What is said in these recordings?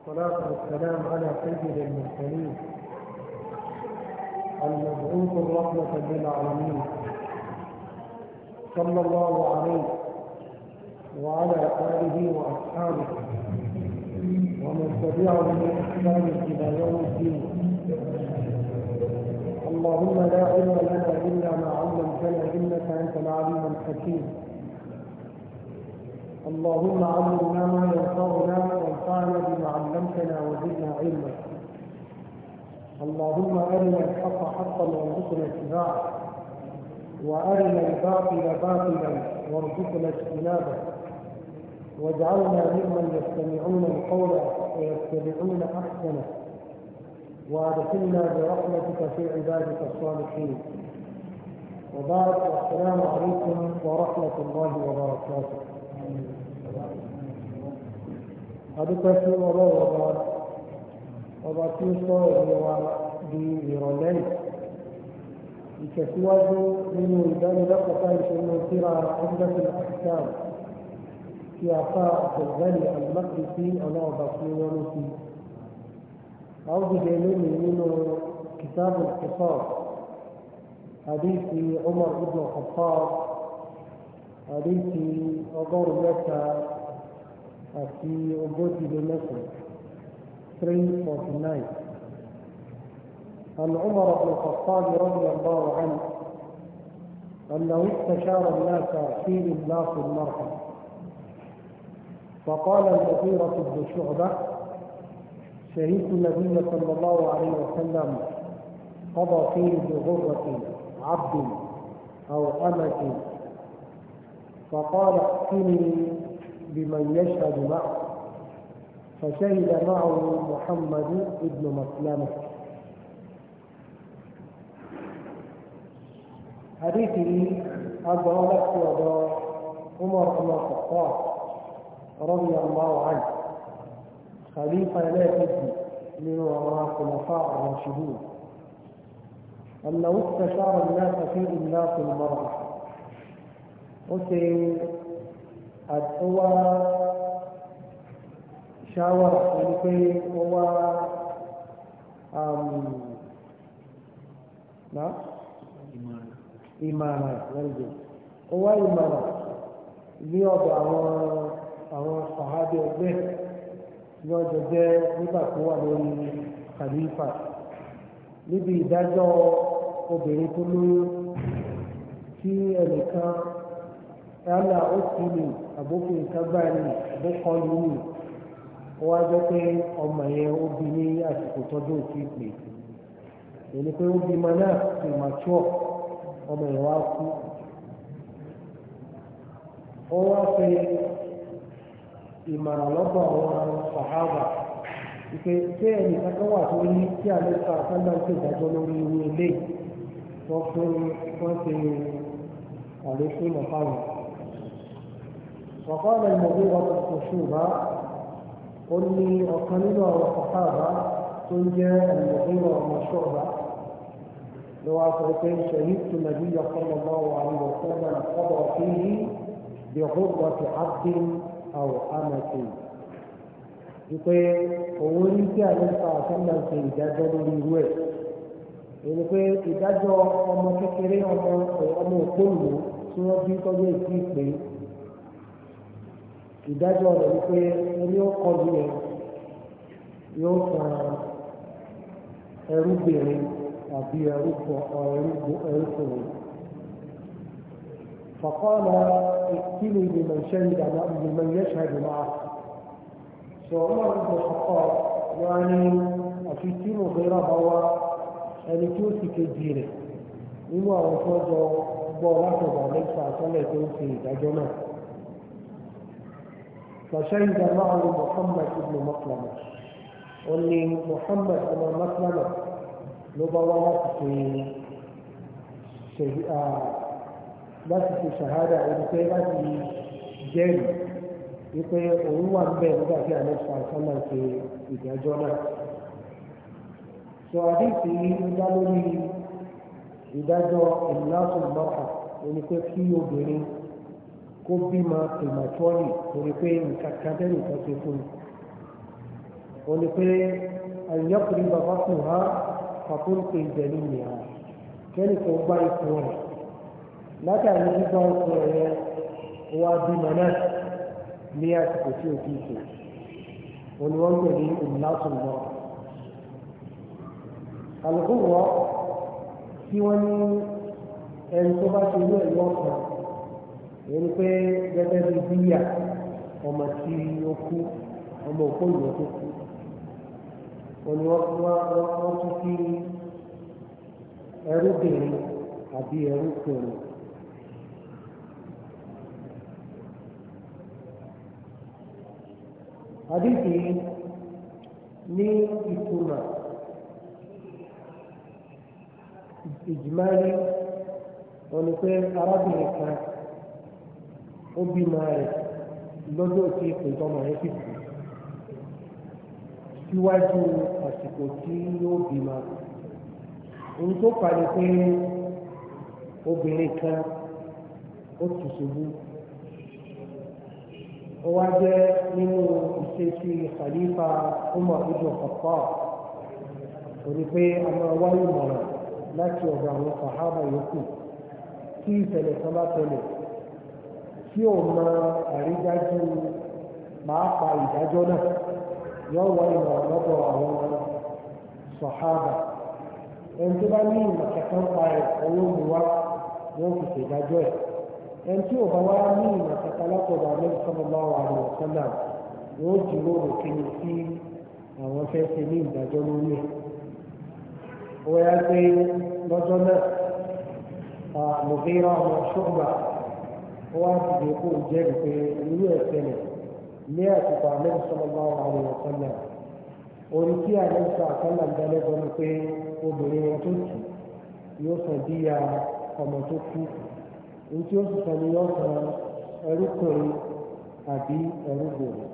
الصلاة والسلام على سيد المرسلين المبعوث الرحمة للعالمين صلى الله عليه وعلى آله وأصحابه ومن تبعهم بإحسان إلى يوم الدين اللهم لا علم لنا إلا ما علمتنا إنك أنت العليم الحكيم اللهم علمنا ما ينفعنا وانفعنا بما علمتنا وزدنا علما اللهم ارنا الحق حقا وارزقنا اتباعه وارنا الباطل باطلا وارزقنا اجتنابه واجعلنا ممن يستمعون القول ويتبعون احسنه وادخلنا برحمتك في عبادك الصالحين وبارك والسلام عليكم ورحمه الله وبركاته adúpẹ́ fún ọlọ́run ọba ọba tí ó sọ ẹ̀mí wa di ìrọ̀lẹ́ ìtẹ̀síwájú nínú ìdánilẹ́kọ̀ọ́ta ìṣẹ́nu síra ẹgbẹ́sìn pakistan tí a fa àtẹ̀gbẹ́lì àlùmọ́tì sí ọlọ́run ọba tí wọ́n ló fi. a ó dìde lónìí nínú kìtàbù ìfọ́ àdéhìí Umar ibn Khattab àdéhìí ọgọ́rùn-ún mẹ́ta àti ogójì lé mẹ́sàn-án three forty nine عن عمر بن الخطاب رضي الله عنه أنه استشار الناس في إملاق المرحله فقال المغيرة بن شعبة شهدت النبي صلى الله عليه وسلم قضى فيه بغرة عبد أو أمة فقال احكمني بمن يشهد معه فشهد معه محمد بن مسلمة حديثه أظهرت وضع عمر بن الخطاب رضي الله عنه خليفة لا تدري من وراء الخلفاء الراشدين أنه استشار الناس في إملاق المرأة ó ó wá ṣáwàrà ẹni pé ó wá um, ìmàrà lẹ́gbẹ̀ẹ́ ó wá ìmàrà ní ọ̀dọ̀ àwọn àwọn sàhábì ẹgbẹ́ ní ọjọ́ jẹ́ nígbà tó wà lórí kàlífà níbi ìdájọ́ obìnrin tó lóyún tí ẹnìkan ẹ̀hánà ó ti lè àbókù nǹkan gbà ní àbókọ lónìí wọ́n á jẹ́ pé ọmọ yẹn ó bí ní àsìkò tọ́jú òfin pè èyí pé ó bí ọmọ náà ti mature ọmọ yẹn wá kú ó wá pe ìmọ̀ràn lọ́gbà àwọn sàhábà ìpè tí ẹnì kankan wà tó ní tí àlẹ́ sọ àkàndá ń ṣèdájọ́ lórí irú eléyìí wọ́n fún wọ́n ṣe àlékún ọ̀pá wọn. وقال المغيرة بن شعبة قل وقلنا وصحابة تنجى المغيرة بن شعبة لو أصبحتين شهدت النبي صلى الله عليه وسلم قضى فيه بغرة عبد أو أمة يقول òun tí a lè fa àtúndà ṣe ìdájọ́ lórí irú ẹ̀ èyí pé ìdájọ́ ọmọ kékeré ọmọ ọmọ òpónú tí wọ́n bí tọ́jú èsì ìpè ìdájọ́ rẹ̀ wípé ẹni ó kọlu yẹn yóò san ẹrúbìnrin àbí ẹrúkọ ẹrúkùnrin. فقال ائتني بمن شهد بمن يشهد معه سعمر بن الخطاب يعني أفتن غير هوى أن توسي كجيره إما أن تجو بولاته عليه الصلاة والسلام يكون في دجمه فشهد معه محمد بن مسلمة أني محمد بن مسلمة لبوات في láti ṣe ṣàhádà ẹni pé láti jẹ́rìí wípé òun wà ń bẹ̀ nígbà tí àlẹ́sà sọ́nà ṣe ìdájọ́ náà. sọ àdéhùn yìí ń dá lórí ìdájọ́ ìlàsùn mọ́ta ẹni pé kí obìnrin kó bímọ pèmọtọ́rì torí pé nǹkan kan bẹ́ẹ̀ nìkan ṣe fún mi ó ní pé àyànkùnrin bàbá fún ha fàkóńpé ìjẹ̀lú nìyà kẹ́ni kan gbá ipò rẹ̀ látàrí gbígbá ipò rẹ̀ yẹn wá bímọ náà ní àsìkò tí o ti ó ní wọ́n gbẹ̀lé ìmúlásùn náà àlùkò wọ́ tí wọ́n ní ẹni tó bá ṣe ní ẹ̀yọ́ kan. èyí pé gẹ́gẹ́ bí bíyà ọmọ tí ó kú ọmọ òkú ìlú tó kú òní wọ́n tún sí ẹrúbìnrin àbí ẹrúkùnrin. àdìsí ní ìtumọ̀ ìjìmáyé ó bímọ rẹ̀ lọ́jọ́ tí ìpín tọmọ rẹ̀ sì kú síwájú àsìkò tí yóò bímọ ohun tó parí pé obìnrin kan ó tù ṣubú ó wá jẹ́ nínú ìṣesí khalifa umar ibn khattab torí pé a máa wáyé mọ̀ràn láti ọ̀dọ̀ àwọn sàhábà yòókù tí ìṣẹ̀lẹ̀ kan bá tí ò mọ àrídájú máa pa ìdájọ́ náà yọ wọ ìmọ̀ lọ́dọ̀ àwọn sọ̀hábà ẹni tó bá ní ìmọ̀ kankan pa ẹ̀ owó mi wá wọ́n fi ṣèdájọ́ ẹ̀ ẹni tí ò bá wá ní ìmọ̀ kankan látọ̀dọ̀ àmì sallallahu alaihi wasallam wọ́n jíròrò kíni sí àwọn fẹ́ ṣe ní ìdájọ́ lórí ẹ̀ ó yá pé lọ́jọ́ náà Mughira ọmọ Shu'ba ó wá dìde kó o jẹ́rìí pé irú ẹ̀ tẹ̀lẹ̀ ní àtìkọ àlẹ́bí sallallahu alaihi wa sallam orí tí àlẹ́bí sọ àkọ́là ń dalẹ́gbọ́n ni pé obìnrin wọn tó tù yóò sàn díya ọmọ tó kú ní tí ó sì sàn ní yóò sàn ẹrúkùnrin àbí ẹrúgbòrò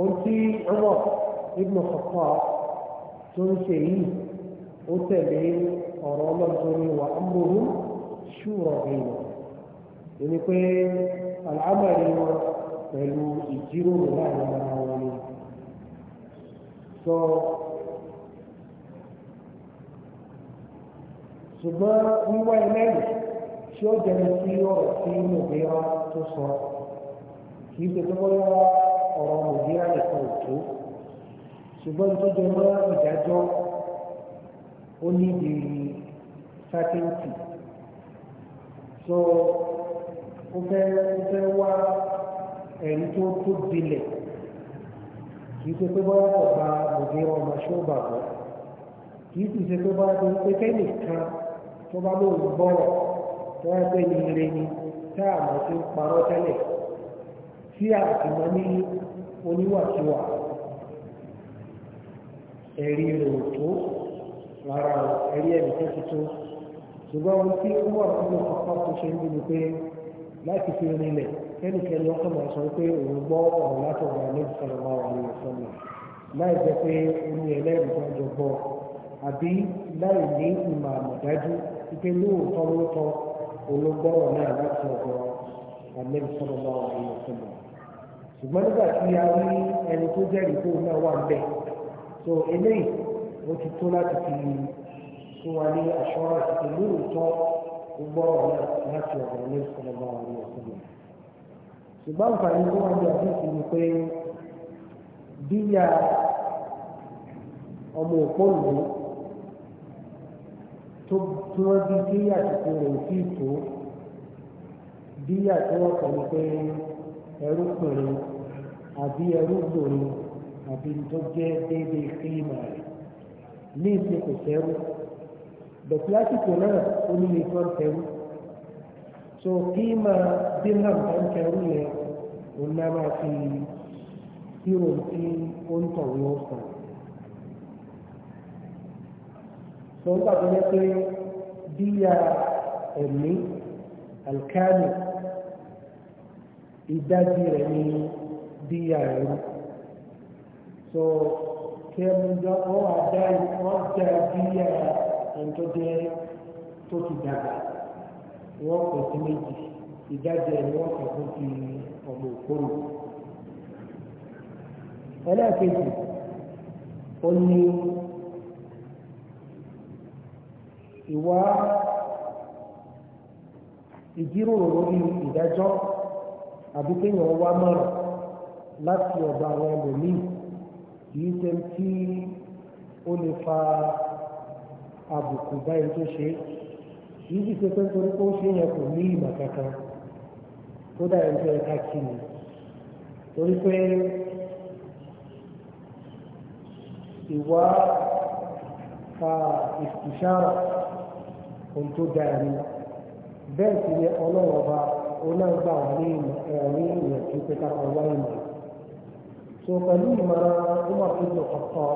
ohun tí ọmọ ibùdó kọ̀kọ́ tó ń ṣe yìí ó tẹ̀lé ọ̀rọ̀ ọlọ́dún ní wa amóhùn ṣúrọ̀ èèyàn ẹni pé àlámọ̀rí wọn pẹ̀lú ìjíròrò láàrin ara wọn ni sọ ṣùgbọ́n wíwá ẹlẹ́rìí tí ó jẹun sí ọ̀rọ̀ tí mòbíra tó sọ kì í ṣe tó bọ́ yọ ọ̀rọ̀ mòbíra nìkan ò tó ṣùgbọ́n tó jẹ mọ́ ìdájọ́ ó ní ìdí sátẹ́ǹtì so ó fẹ́ ó fẹ́ wá ẹ̀rí tó tó dilẹ̀ kì í ṣe pé bọ́lá ọba òde ọmọ ṣọ́ọ̀bà bọ́ kì í sì ṣe pé bọ́lá tó ń pé kẹ́nìkan tó bá lóun gbọ́rọ̀ tó wá pé ní ire ni tá a mọ̀ sí parọ́ tẹ́lẹ̀ tí a sì mọ̀ ní oníwàkiwà ẹ̀rí rẹ̀ ò tó rárá ẹ̀rí ẹ̀rí tó ti tó ṣùgbọ́n ohun tí ó wà fún ọkọ̀ tó ṣe ń bí pé láti fi rin ilẹ̀ ẹnikẹ́ni ọkọ̀ máa sọ pé òun gbọ́ ọ̀rọ̀ látọ̀dọ̀ àlejò sọ̀rọ̀ máa wà lórí sọ́nà láì jẹ́ pé oní ẹlẹ́rìí tó ń jọ gbọ́ àbí láì ní ìmọ̀ àmọ̀dájú wípé lóòótọ́ lóòótọ́ olóńgbọ́rọ̀ náà láti ọ̀dọ̀ àlejò sọ̀rọ̀ máa wà lórí sọ́nà nígbà tí a rí ẹni tó jẹ́rìí tó náà wà bẹ́ẹ̀ so eléyìí ó ti tó láti fi fún wa ní àṣọ́ra ìpínlẹ̀ òótọ́ gbọ́ ọ̀rẹ́ láti ọ̀rọ̀ ní ìsọ̀lọ́gbà ọ̀rẹ́ ọ̀sọ̀lọ́. ṣùgbọ́n nǹkan tó wọ́n di àfihàn ni pé bíyà ọmọ òpónú tó tí wọ́n di bíyà tuntun rẹ̀ ò tí ì tó bíyà tí wọ́n sọ ni pé ẹrú pèrè àbí ẹrú gbòòrò àbí tó jẹ́ déédéé kí ìmọ̀ rẹ̀ ní ìsìnkú sẹ́rù bẹ̀tí lásìkò náà ó ní nìkan tẹ̀rù so kí máa dé náà nǹkan tẹ̀rù yẹn òun náà máa fi hírò tí ó ń tọ̀ wọ́n sàn. so ń pàtó yẹ pé bíyà ẹ̀mí alkali ìdájí rẹ̀ ní bíyà ẹ̀rú so kí jọ ọ́ àdá ìfọ́ jẹ́ bíyà ẹni tó jẹ́ tó ti dàgbà wọ́n pè sí méjì ìdájọ́ ẹni wọ́n kàn fún ti ọmọ òkúrò. ẹlẹ́ẹ̀kejì ó ní ìwà ìjíròrò lórí ìdájọ́ àbí kéèyàn wá mọ̀ràn láti ọ̀dọ̀ àwọn ẹlòmíì kì í ṣe tí ó lè fa àbùkù báyìí tó ṣe yìí ti ṣe pé torí pé ó ṣe yẹn kò ní ìmọ̀ kankan tó dà ẹni tó yẹ ká kí ni torí pé ìwà ìṣàrà ohun tó dáa ni bẹ́ẹ̀ sì ni ọlọ́run ọba onágbà wà ní ẹ̀rí ìrìn àti pẹ́ká ìmọ̀ tó pẹ̀lú ìmọ̀ràn ó máa fi lò kọ̀ọ̀kan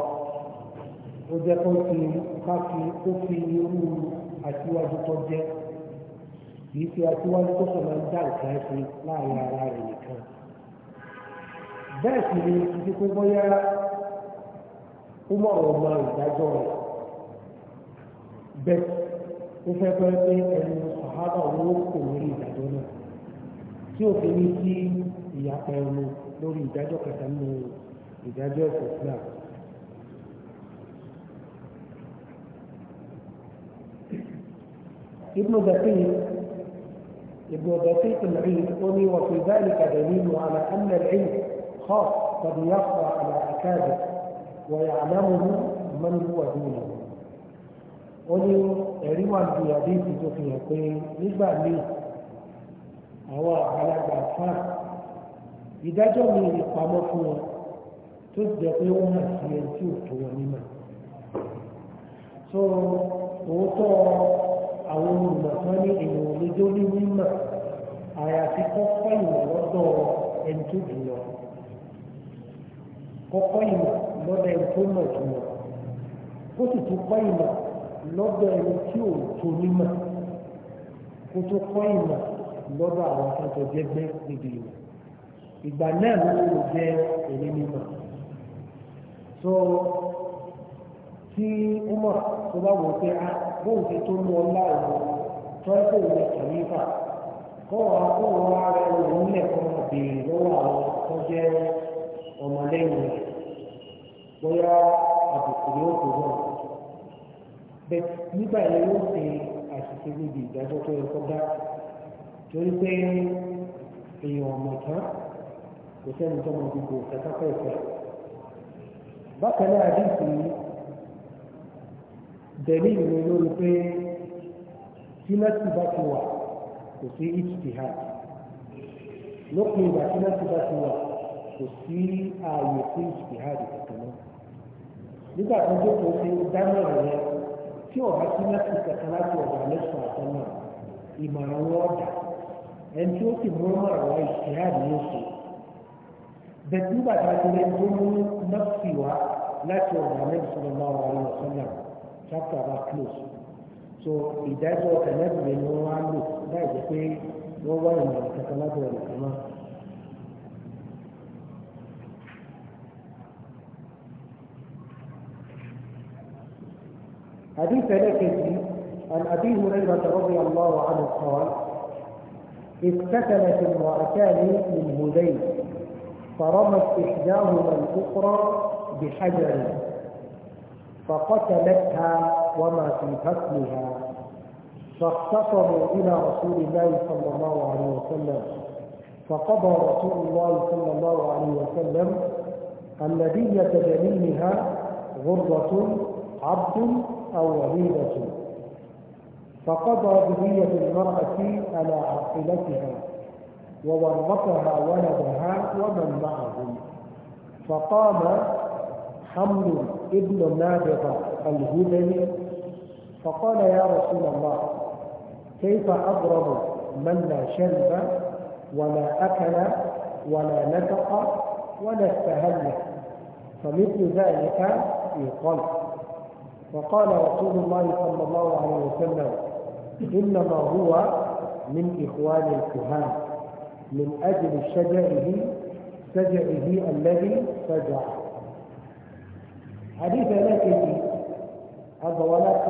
ó jẹ́ kó fi ká fi ó fi irú aṣíwájú tó jẹ́ kìí fi aṣíwájú tó sọ̀rọ̀ ń dá nǹkan ṣe láàrin ara rẹ̀ nìkan. bẹ́ẹ̀ sì ni títí pé bóyá ó mọ̀ ọ́ mọ ìdájọ́ rẹ̀ bẹ́ẹ̀ ó fẹ́ pẹ́ pé ẹnu sàhábà owó kò lórí ìdájọ́ náà tí ó fi ní sí ìyàpẹ̀ ẹnu lórí ìdájọ́ kẹta nínú ìdájọ́ ẹ̀sìn Islam. ابن بطيء ابن بطيء العيد أني وفي ذلك دليل على أن العلم خاص قد يخفى على أكابر ويعلمه من هو دونه أني أريوان بيدي في دخيا كي نبع لي هو على بعفان إذا mi ní pamọ́ fún wọn tó jẹ́ pé wọ́n hàn so àwọn olùmọ̀tán ní èèyàn ò lè jó ní mímọ̀ àyàfi kọ́kọ́ ìmọ̀ lọ́dọ̀ ẹni tó jù lọ kọ́kọ́ ìmọ̀ lọ́dọ̀ ẹni tó mọ̀ jù lọ ó sì tún kọ́ ìmọ̀ lọ́dọ̀ ẹni tí ò tó nímọ̀ kó tó kọ́ ìmọ̀ lọ́dọ̀ àwọn akẹ́kọ̀ọ́ jẹ́gbẹ́ níbi ìmọ̀ ìgbà náà ló lè jẹ́ èmi mímọ̀ so tí ó mọ̀ tó bá wọ pé á. Ah, bóun ti tó mú ọlá òun tọ́jú òun kàlífà kọ́wọ́ akọ́wọ́ ara òun lẹ́kọ́ béèrè lọ́wọ́ àwọn tó jẹ́ ọmọlẹ́yìn rẹ̀ bóyá àbùkù yóò tó wọ̀ bẹ́ẹ̀ nígbà yẹn yóò ṣe àṣìṣe níbi ìdájọ́ tó yẹ kó dá torí pé èèyàn ọ̀mọ̀ tán kò sẹ́ni tó mọ gbogbo ìtàkàkọ̀ ìfẹ́ bákan náà àdéhùn yìí tẹ̀lé ìlú lórí pé tímẹ́tì bá ti wà kò sí ijtihad lópin ìgbà tímẹ́tì bá ti wà kò sí ààyè sí ijtihad kankan náà nígbà tó jókòó ṣe dáná rẹ̀ tí ọ̀gá tímẹ́tì kankan láti ọ̀gá lẹ́sùn àtọ́ náà ìmọ̀ràn wọn ọ̀dà ẹni tí ó sì mú ọmọ ọ̀rọ̀ ijtihad ní oṣù bẹ̀tí nígbà ti lè tó mú nọ́ọ̀sì wá láti ọ̀gá lẹ́sùn ọ̀gá ọ̀rọ̀ ọ̀sán náà chapter bá close so he ìdájọ́ ẹlẹ́gbẹ̀ẹ́ no one wá That is the way no one in the lábẹ́ will come out. حديث لكن عن ابي هريره رضي الله عنه قال افتتنت امرأتان من هذين فرمت إحداهما الأخرى بحجر فقتلتها وما في قتلها فاختصموا إلى رسول الله صلى الله عليه وسلم فقضى رسول الله صلى الله عليه وسلم أن دية جميعها غرة عبد أو وليدة فقضى بنية المرأة على عاقلتها وورثها ولدها ومن معه فقام حمل ابن نابغة الهذلي فقال يا رسول الله كيف أضرب من لا شرب ولا أكل ولا نفق ولا استهل فمثل ذلك يقال وقال رسول الله صلى الله عليه وسلم إنما هو من إخوان الكهان من أجل شجعه شجعه الذي سجعه حديث لكن أبوالات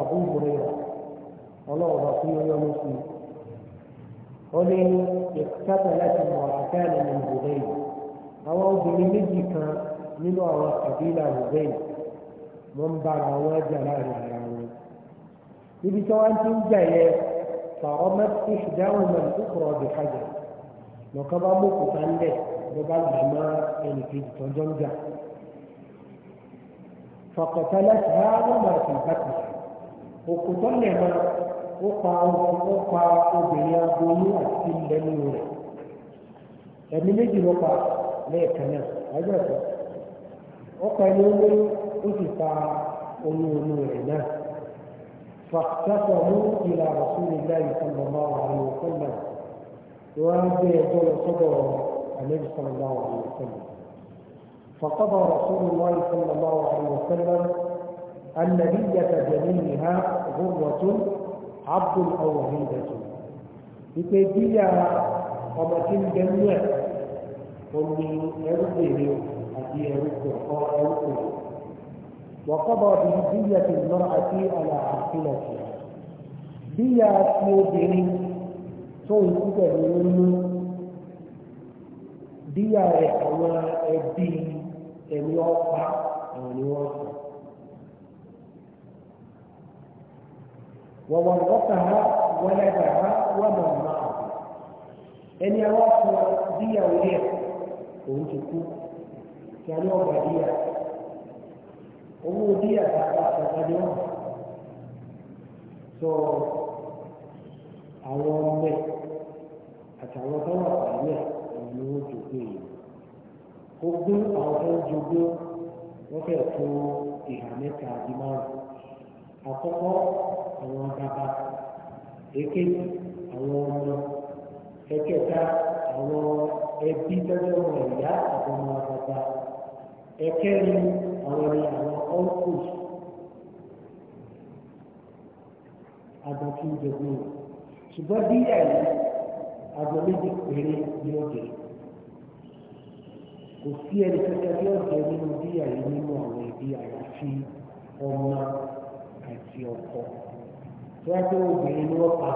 أبو هريرة الله رسول يوم مسلم قل اقتتلت امرأتان من هذين أو بلمجك من أو قبيلة هذين من بعد وجلال العالمين إذا كنت جاية فرمت إحداهما الأخرى بحجر وكما مقتل له ببعض ما يعني في تنجم فقتلتها وما تنفتها وقتلها وقع وقع وبيا بولو أسين بنيورا ẹni méjì ló pa lẹ́ẹ̀kan náà agbẹ́sọ̀ ọkọ̀ ẹni olóyún ó sì pa oyún inú rẹ̀ náà fàtàkọ̀ mú ìlà Rasulillah sallallahu alaihi wa sallam wọ́n á gbé ẹjọ́ lọ sọ́dọ̀ àlẹ́ ìsọ̀rọ̀ náà wà lọ́wọ́ sọ́dọ̀. فقضى رسول الله صلى الله عليه وسلم أن نية جنينها غرة عبد أو وهيدة بكيفية ومكين جميع ومن يرده أتي يرده وقضى بهدية المرأة على عاقلتها بيا سيوبرين سوي كتب بيا يحوى الدين ẹ̀mí ọ̀pá àwọn ni wọ́n sọ. wọ́n wọ́n lọ́kà á wọ́n ẹ̀dà á wọ́n mọ̀ mọ́ àwọn. ẹni àwọn sọ díyàwó yẹ òun ti kú kí a ní ọgbà díyà owó díyà tàbí àtàkàdé wọn. sọ àwọn ọmọ ẹ àtàwọn tó wà pàmì ẹ ni wọ́n jókòó yìí ogún àwọn tó ń jogún wọ́n fẹ́ tó ìhà mẹ́ta àti márùn àkọ́kọ́ àwọn bàbá èkejì àwọn ọmọ ẹ̀kẹta àwọn ẹbí tẹ́lẹ̀ ọmọ ìyá àti ọmọ bàbá ẹ̀kẹrin àwọn ẹni àwọn uncles agbọ̀n tó ń ṣùgbọ́n bí ẹ̀yìn agbọ̀n péré ni ó kò sí ẹni kẹta bí ọ̀jẹ̀ nínú bíyà yìí nínú àwọn ẹbí àyàfi ọmọ àti ọkọ tí wọ́n tẹ́ obìnrin ní wọ́n pa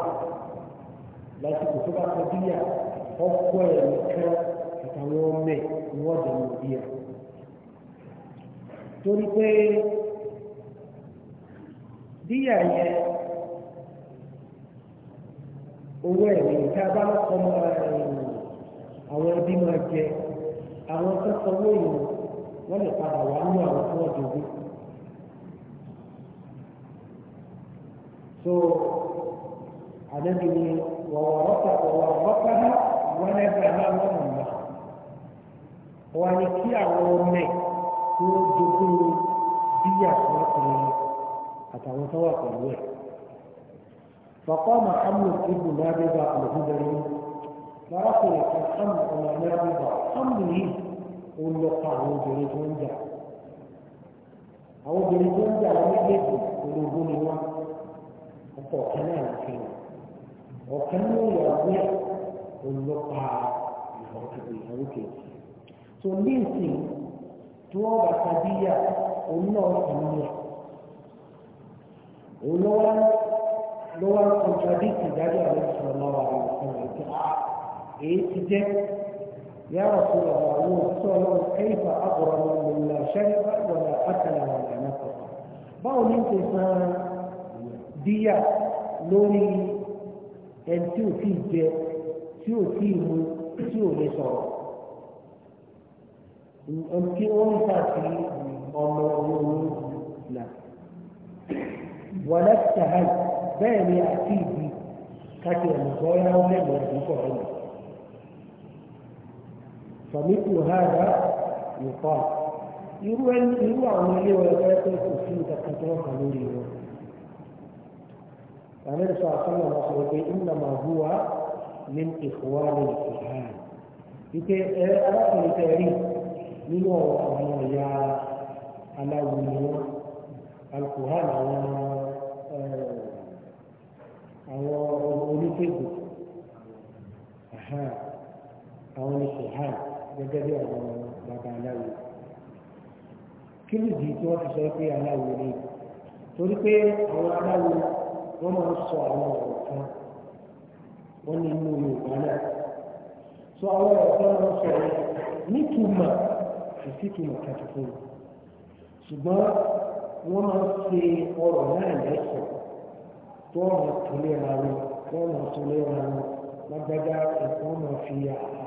lásìkò tó bá kọ bíyà ọkọ ẹ̀ nìkan àtàwọn ọmọ ẹ̀ ni wọ́n jẹ̀ nínú bíyà torí pé bíyà yẹn owó ẹ̀mí tá a bá lọ́kọ́ máa àwọn ẹbí máa jẹ àwọn tó sanwó ìlú wọn lè padà wá ní àwọn tó wọ́n jòwó. so àdébí ni wọ̀wọ̀ rọ́pà wọ̀wọ̀ rọ́pà náà wọ́n ẹgbẹ́ náà wọ́n mọ̀ náà. wọ́n ní kí àwọn ọmọ ẹ̀ tó jogún bíyà fún ọkùnrin àtàwọn tó wà pẹ̀lú ẹ̀. فقام حمد بن نابغة الهذلي lọ́rọ́kùnrin kan sọ́nù ọmọ ẹ̀mẹ́rẹ́ ń bọ̀ sọ́nù yìí ó lọ pa àwọn obìnrin tó ń jà àwọn obìnrin tó ń jà wọn méjèèjì ológun ni wọn ọkọ ọ̀kan náà ló fi hàn ọ̀kan ní ìyàwó ẹ̀ ó lọ pa ìyàwó tó ní ìsìn tí wọ́n bá tàbíyà òun náà ìyẹn òun lọ́wọ́ lọ́wọ́ kọjá bí ìdájọ́ àlejò ọ̀nà àwọn ọ̀sán rẹ̀ ti hàn. إيه يا رسول الله صلى كيف أغرم من لا شرب ولا أكل ولا نفق بقول أنت سان ديا لوني أن تو فيك تو فيه تو يسوع أن تو أنتي أمر لا ولست هل بين أكيد كتير مزايا ومزايا مزايا فمثل هذا يقال يروى يروى عن النبي ولا تاكل كرسي تقطعه قانوني النبي صلى الله عليه وسلم قال انما هو من اخوان الكهان يتعرف التاريخ من هو ابو يا علاوي الكهان على أو أولي فيه أها أولي فيه gẹ́gẹ́ bí àwọn bàbá aláwo kí ló dì tí wọ́n ti sọ pé aláwo ni torí pé àwọn aláwo wọ́n máa ń sọ àwọn ọ̀rọ̀ kan wọ́n ní inú yorùbá náà sọ àwọn ọ̀rọ̀ kan máa ń sọ yẹn nítumọ̀ ìsìtumọ̀ kàtó fún mi ṣùgbọ́n wọ́n máa ń ṣe ọ̀rọ̀ náà lẹ́sọ̀ tó ọ̀rọ̀ tó lé ra wọn tó ọ̀rọ̀ tó lé ra wọn lágbájá ẹ̀kọ́ máa fi àwọn.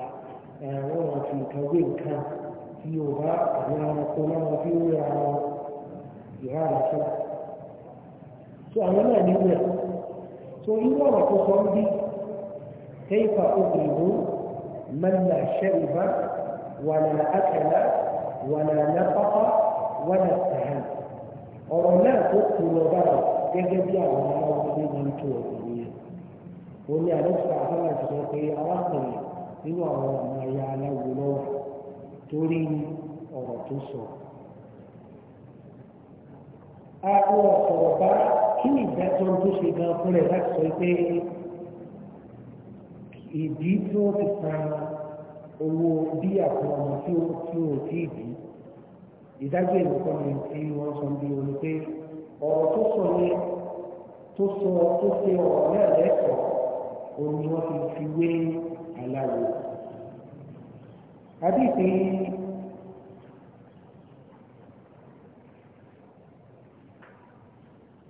wọ́n wọ́n fi nǹkan wé nǹkan tí yóò bá àwọn ẹranko náà wọ́n fi wé ara wọn ìhà àlàfẹ́. so àwọn náà ní wẹ̀ so irú ọ̀rọ̀ tó sọ ń bí كيف أضرب من لا شرب ولا أكل ولا نفق ولا استهان ọ̀rọ̀ náà tó kú lọ báyìí gẹ́gẹ́ bí àwọn ọmọ ọmọdé máa ń tó ọ̀gbìn yẹn. ó ní àlọ́ sọ àbára jùlọ pé arákùnrin nínú àwọn ọmọ ẹ̀yà aláwo lọ́wọ́ torí ọ̀rọ̀ tó sọ. Àwọn ọ̀sọ̀rọ̀ bá kí ni ìdájọ́ tó ṣe gan fún rẹ̀ láti sọ pé ìdí tí ó ti san owó bí àwọn ọmọ tí ó tí ó ti dì ìdájọ́ ìlúkọ́ ni tí wọ́n sọ bí omi pé ọ̀rọ̀ tó sọ ní tó sọ tó ṣe ọ̀rọ̀ náà lẹ́kọ̀ọ́ òun ni wọ́n fi fi wé aláwo àdìsí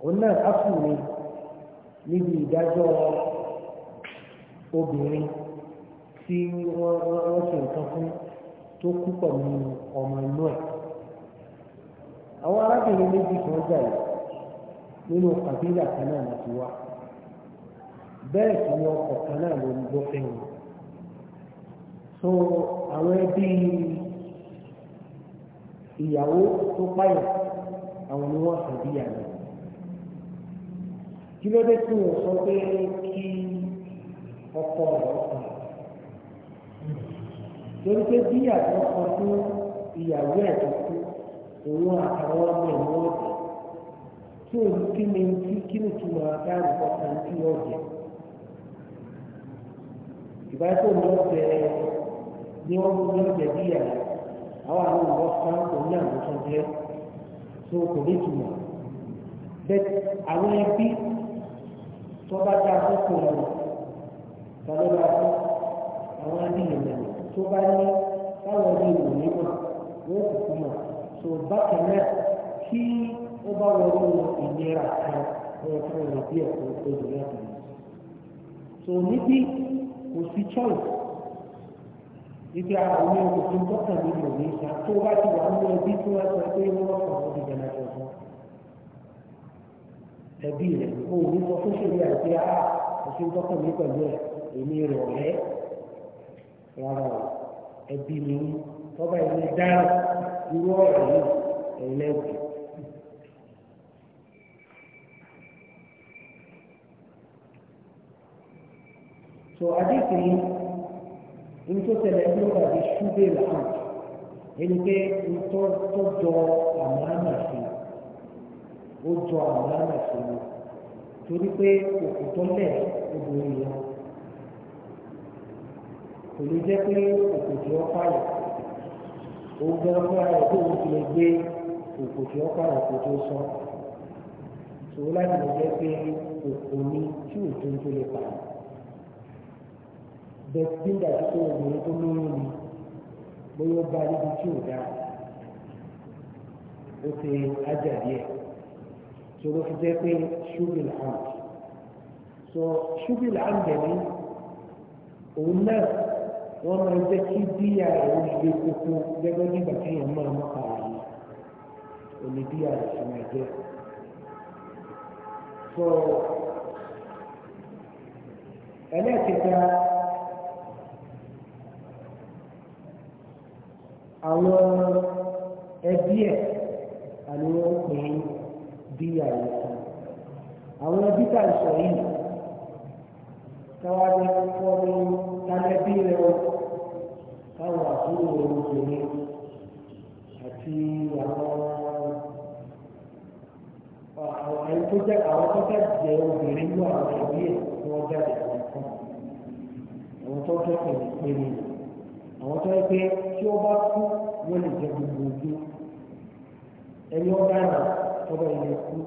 òun náà áfùnrin níbi ìdájọ́ obìnrin tí wọ́n wọ́n ṣe nǹkan fún tó kú pẹ̀lú ọmọ inú ẹ̀. àwọn arábìnrin méjì kan jà yìí nínú kàbílà kan náà láti wá bẹ́ẹ̀ sì ni ọkọ̀ kan náà ló ń gbọ́ fẹ́ so àwọn ẹbí ìyàwó tó páyà àwọn ni wọ́n sàbí àná kí ló dé tí wọ́n sọ pé kí ọkọ ọ̀rọ̀ sàn torí pé bí àjọ kan fún ìyàwó ẹ̀ tó kú òun àtàwọn ọmọ ẹ̀ wọ́n jẹ tí òun kí ni kí ni kí wọ́n dáàbò kọ̀ọ̀kan tí wọ́n jẹ ìbáṣepọ̀ ní ọ̀sẹ̀ ẹ̀ ni wọ́n gbogbo ọ̀jẹ̀ bí yàrá àwọn àwọn ọ̀rọ̀ kan kò ní àwọn tó jẹ́ tó kò ní túmọ̀ bẹ́ẹ̀ àwọn ẹbí tó bá dá fún kò lọ tàbí bá fún àwọn ẹbí ìlẹ̀ tó bá ní báwọn ẹbí ìlú nímọ̀ wọ́n kò kú mọ̀ tó bákan náà kí ó bá wọlé ìlera kan ọ̀rọ̀ kan rẹ̀ bí ẹ̀kọ́ ìgbésẹ̀ láti lọ. tó níbi kò sí choice ibi àwọn ní oṣù tó tọ́kàn nínú òní ìṣá tó bá ti wà nínú ẹbí tí wọ́n sọ pé wọ́n fọ àwọn ìdìbò náà tọ̀tọ̀ ẹbí rẹ̀ o ní sọ fún ṣèlú àti a ah, oṣù tọ́kàn ní pẹ̀lú ẹ̀ èmi rẹ̀ ọ̀rẹ́ rárá ẹbí mi tọ́ba ilé dáná irú ọ̀rọ̀ yìí so adé kìíní nítorí tẹ̀lé ló kà bí ṣúgbé làwọn ẹni pé nítorí tó jọ àmàlà sí ó jọ àmàlà sí ni torí pé òkú tó lẹ̀ obìnrin yẹn kò lè jẹ́ pé òkú tí ó pààyà ó gbọ́dọ̀ fún ara rẹ̀ tó ń fi gbé òkú tí ó pààyà kó tó sọ tòun láti lè jẹ́ pé òkú ni tí òkú tó lè pààyà bẹ̀tí nígbà tí kò obìnrin tó lóyún ni bóyá ó bá níbi tí ò dáa ó ṣe ájàdí ẹ̀ tó ló fi jẹ́ pé ṣúbìlì hàn so ṣúbìlì hàn jẹ̀ ní òun náà wọ́n máa ń kí bíyà ẹ̀rọ ìgbé kókó gẹ́gẹ́ nígbà tí èèyàn máa ń pa ààyè òní bíyà rẹ̀ sì máa jẹ́ so ẹlẹ́ẹ̀kẹta. àwọn ẹbí ẹ̀ àni wọ́n pè é bí àyẹ̀kọ́ àwọn ẹbí tá à ń sọ yìí káwá ní kọ́ ní tálẹ́bí rẹ̀ wọ́n káwọn àbúrò rẹ̀ obìnrin àti àwọn àwọn tó jẹ́ àwọn tó jẹ́ jẹ́ obìnrin ní àwọn ẹbí ẹ̀ tí wọ́n jáde àwọn kan àwọn tó jẹ́ pẹ̀lú pẹ̀lú àwọn tó yẹ pé tí ó bá kú wọ́n lè jẹ gbogbo ojú ẹni ọ̀gá náà tọ́gbà ilé kú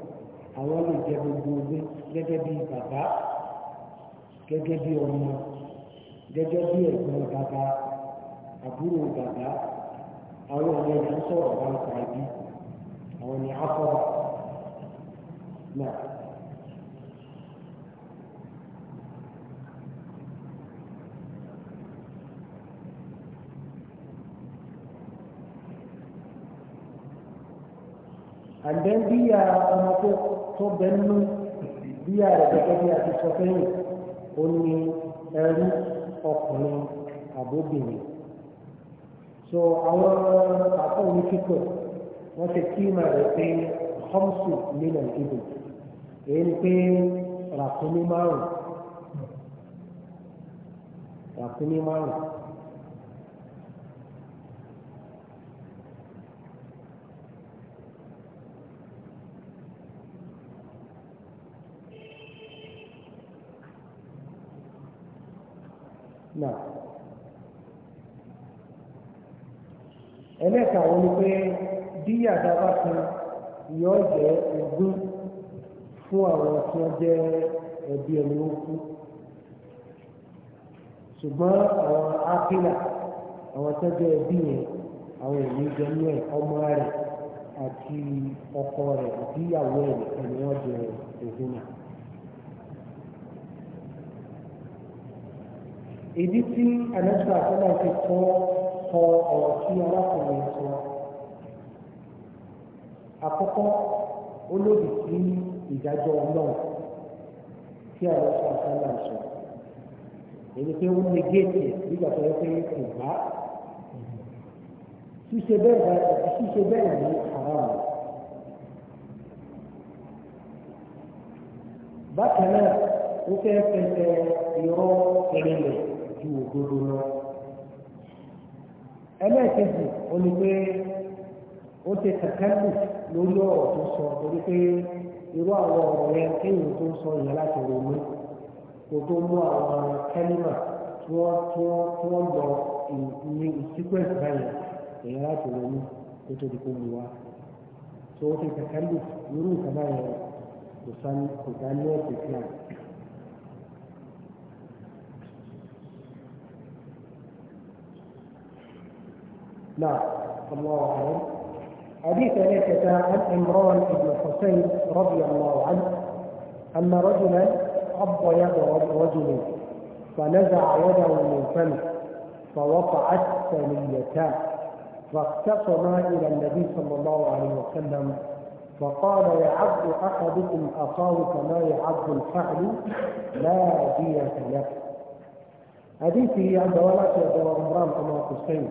àwọn lè jẹ gbogbo ojú gẹ́gẹ́ bí bàbá gẹ́gẹ́ bí ọmọ gẹ́gẹ́ bí ẹ̀gbọ́n bàbá àbúrò bàbá àwọn ọmọ ìyá ń sọ̀rọ̀ bá ń pa ibi àwọn ni á fọwọ́ náà. and then bí i ọmọ tó tó bẹnu bí i rẹ̀ gẹ́gẹ́ bí a ti sọ fẹ́yìn ó ní ẹrú ọkùnrin àbóbìnrin so àwọn àpò oníkíkọ̀ wọ́n ti kí mà rẹ̀ pé homsu nínú ìdìbò èyí ni pé ràkúnmí márùn ràkúnmí márùn náà ẹlẹ́ka wọn ni pé díyà dábàá kan yọ jẹ́ ogún fún àwọn tí wọ́n jẹ́ ẹbí ẹni ó kú ṣùgbọ́n àwọn ápìlà àwọn tó jẹ́ ẹbí yẹn àwọn èmi jẹ ní ẹ̀ ọmọ rẹ̀ àti ọkọ rẹ̀ àti ìyàwó ẹ̀ ìdí tí àlẹ́sà àtọ́lá ti kọ́ ọ ọ̀rọ̀ tí alákùnrin sọ àkọ́kọ́ olódì sí ìdájọ́ ọlọ́run tí àlẹ́sà àtọ́lá sọ èyí pé ó lè géètì nígbà tó yẹ pé kò bá ṣíṣe bẹ́ẹ̀ ṣíṣe bẹ́ẹ̀ ní haram bákan náà ó fẹ́ fẹsẹ̀ ìrọ́ ìrìnlẹ̀ ju òdodo lọ. ẹlẹ́ẹ̀kejì ó ní pé ó ti kàkẹ́kù lórí ọ̀rọ̀ tó sọ torí pé irú àwọn ọ̀rọ̀ yẹn kéèyàn tó ń sọ yẹn láti ronú kò tó mú àwọn kẹ́límà tí wọ́n tí wọ́n tí wọ́n lọ ní sequence báyìí èèyàn láti ronú kó tó di kó mu wá. tó o ti kàkẹ́kù irú ìkàbáyẹn kò sá ní kò dá ní ọ̀sẹ̀ kíláàsì. نعم الله أعلم حديث ليس عن عمران بن حسين رضي الله عنه أن رجلا قبض يد رجل فنزع يده من فمه فوقعت ثنيتان فاختصما إلى النبي صلى الله عليه وسلم فقال يعض أحدكم أخاه كما يعض الفعل لا دية له حديثه عند ولاة عمران بن حسين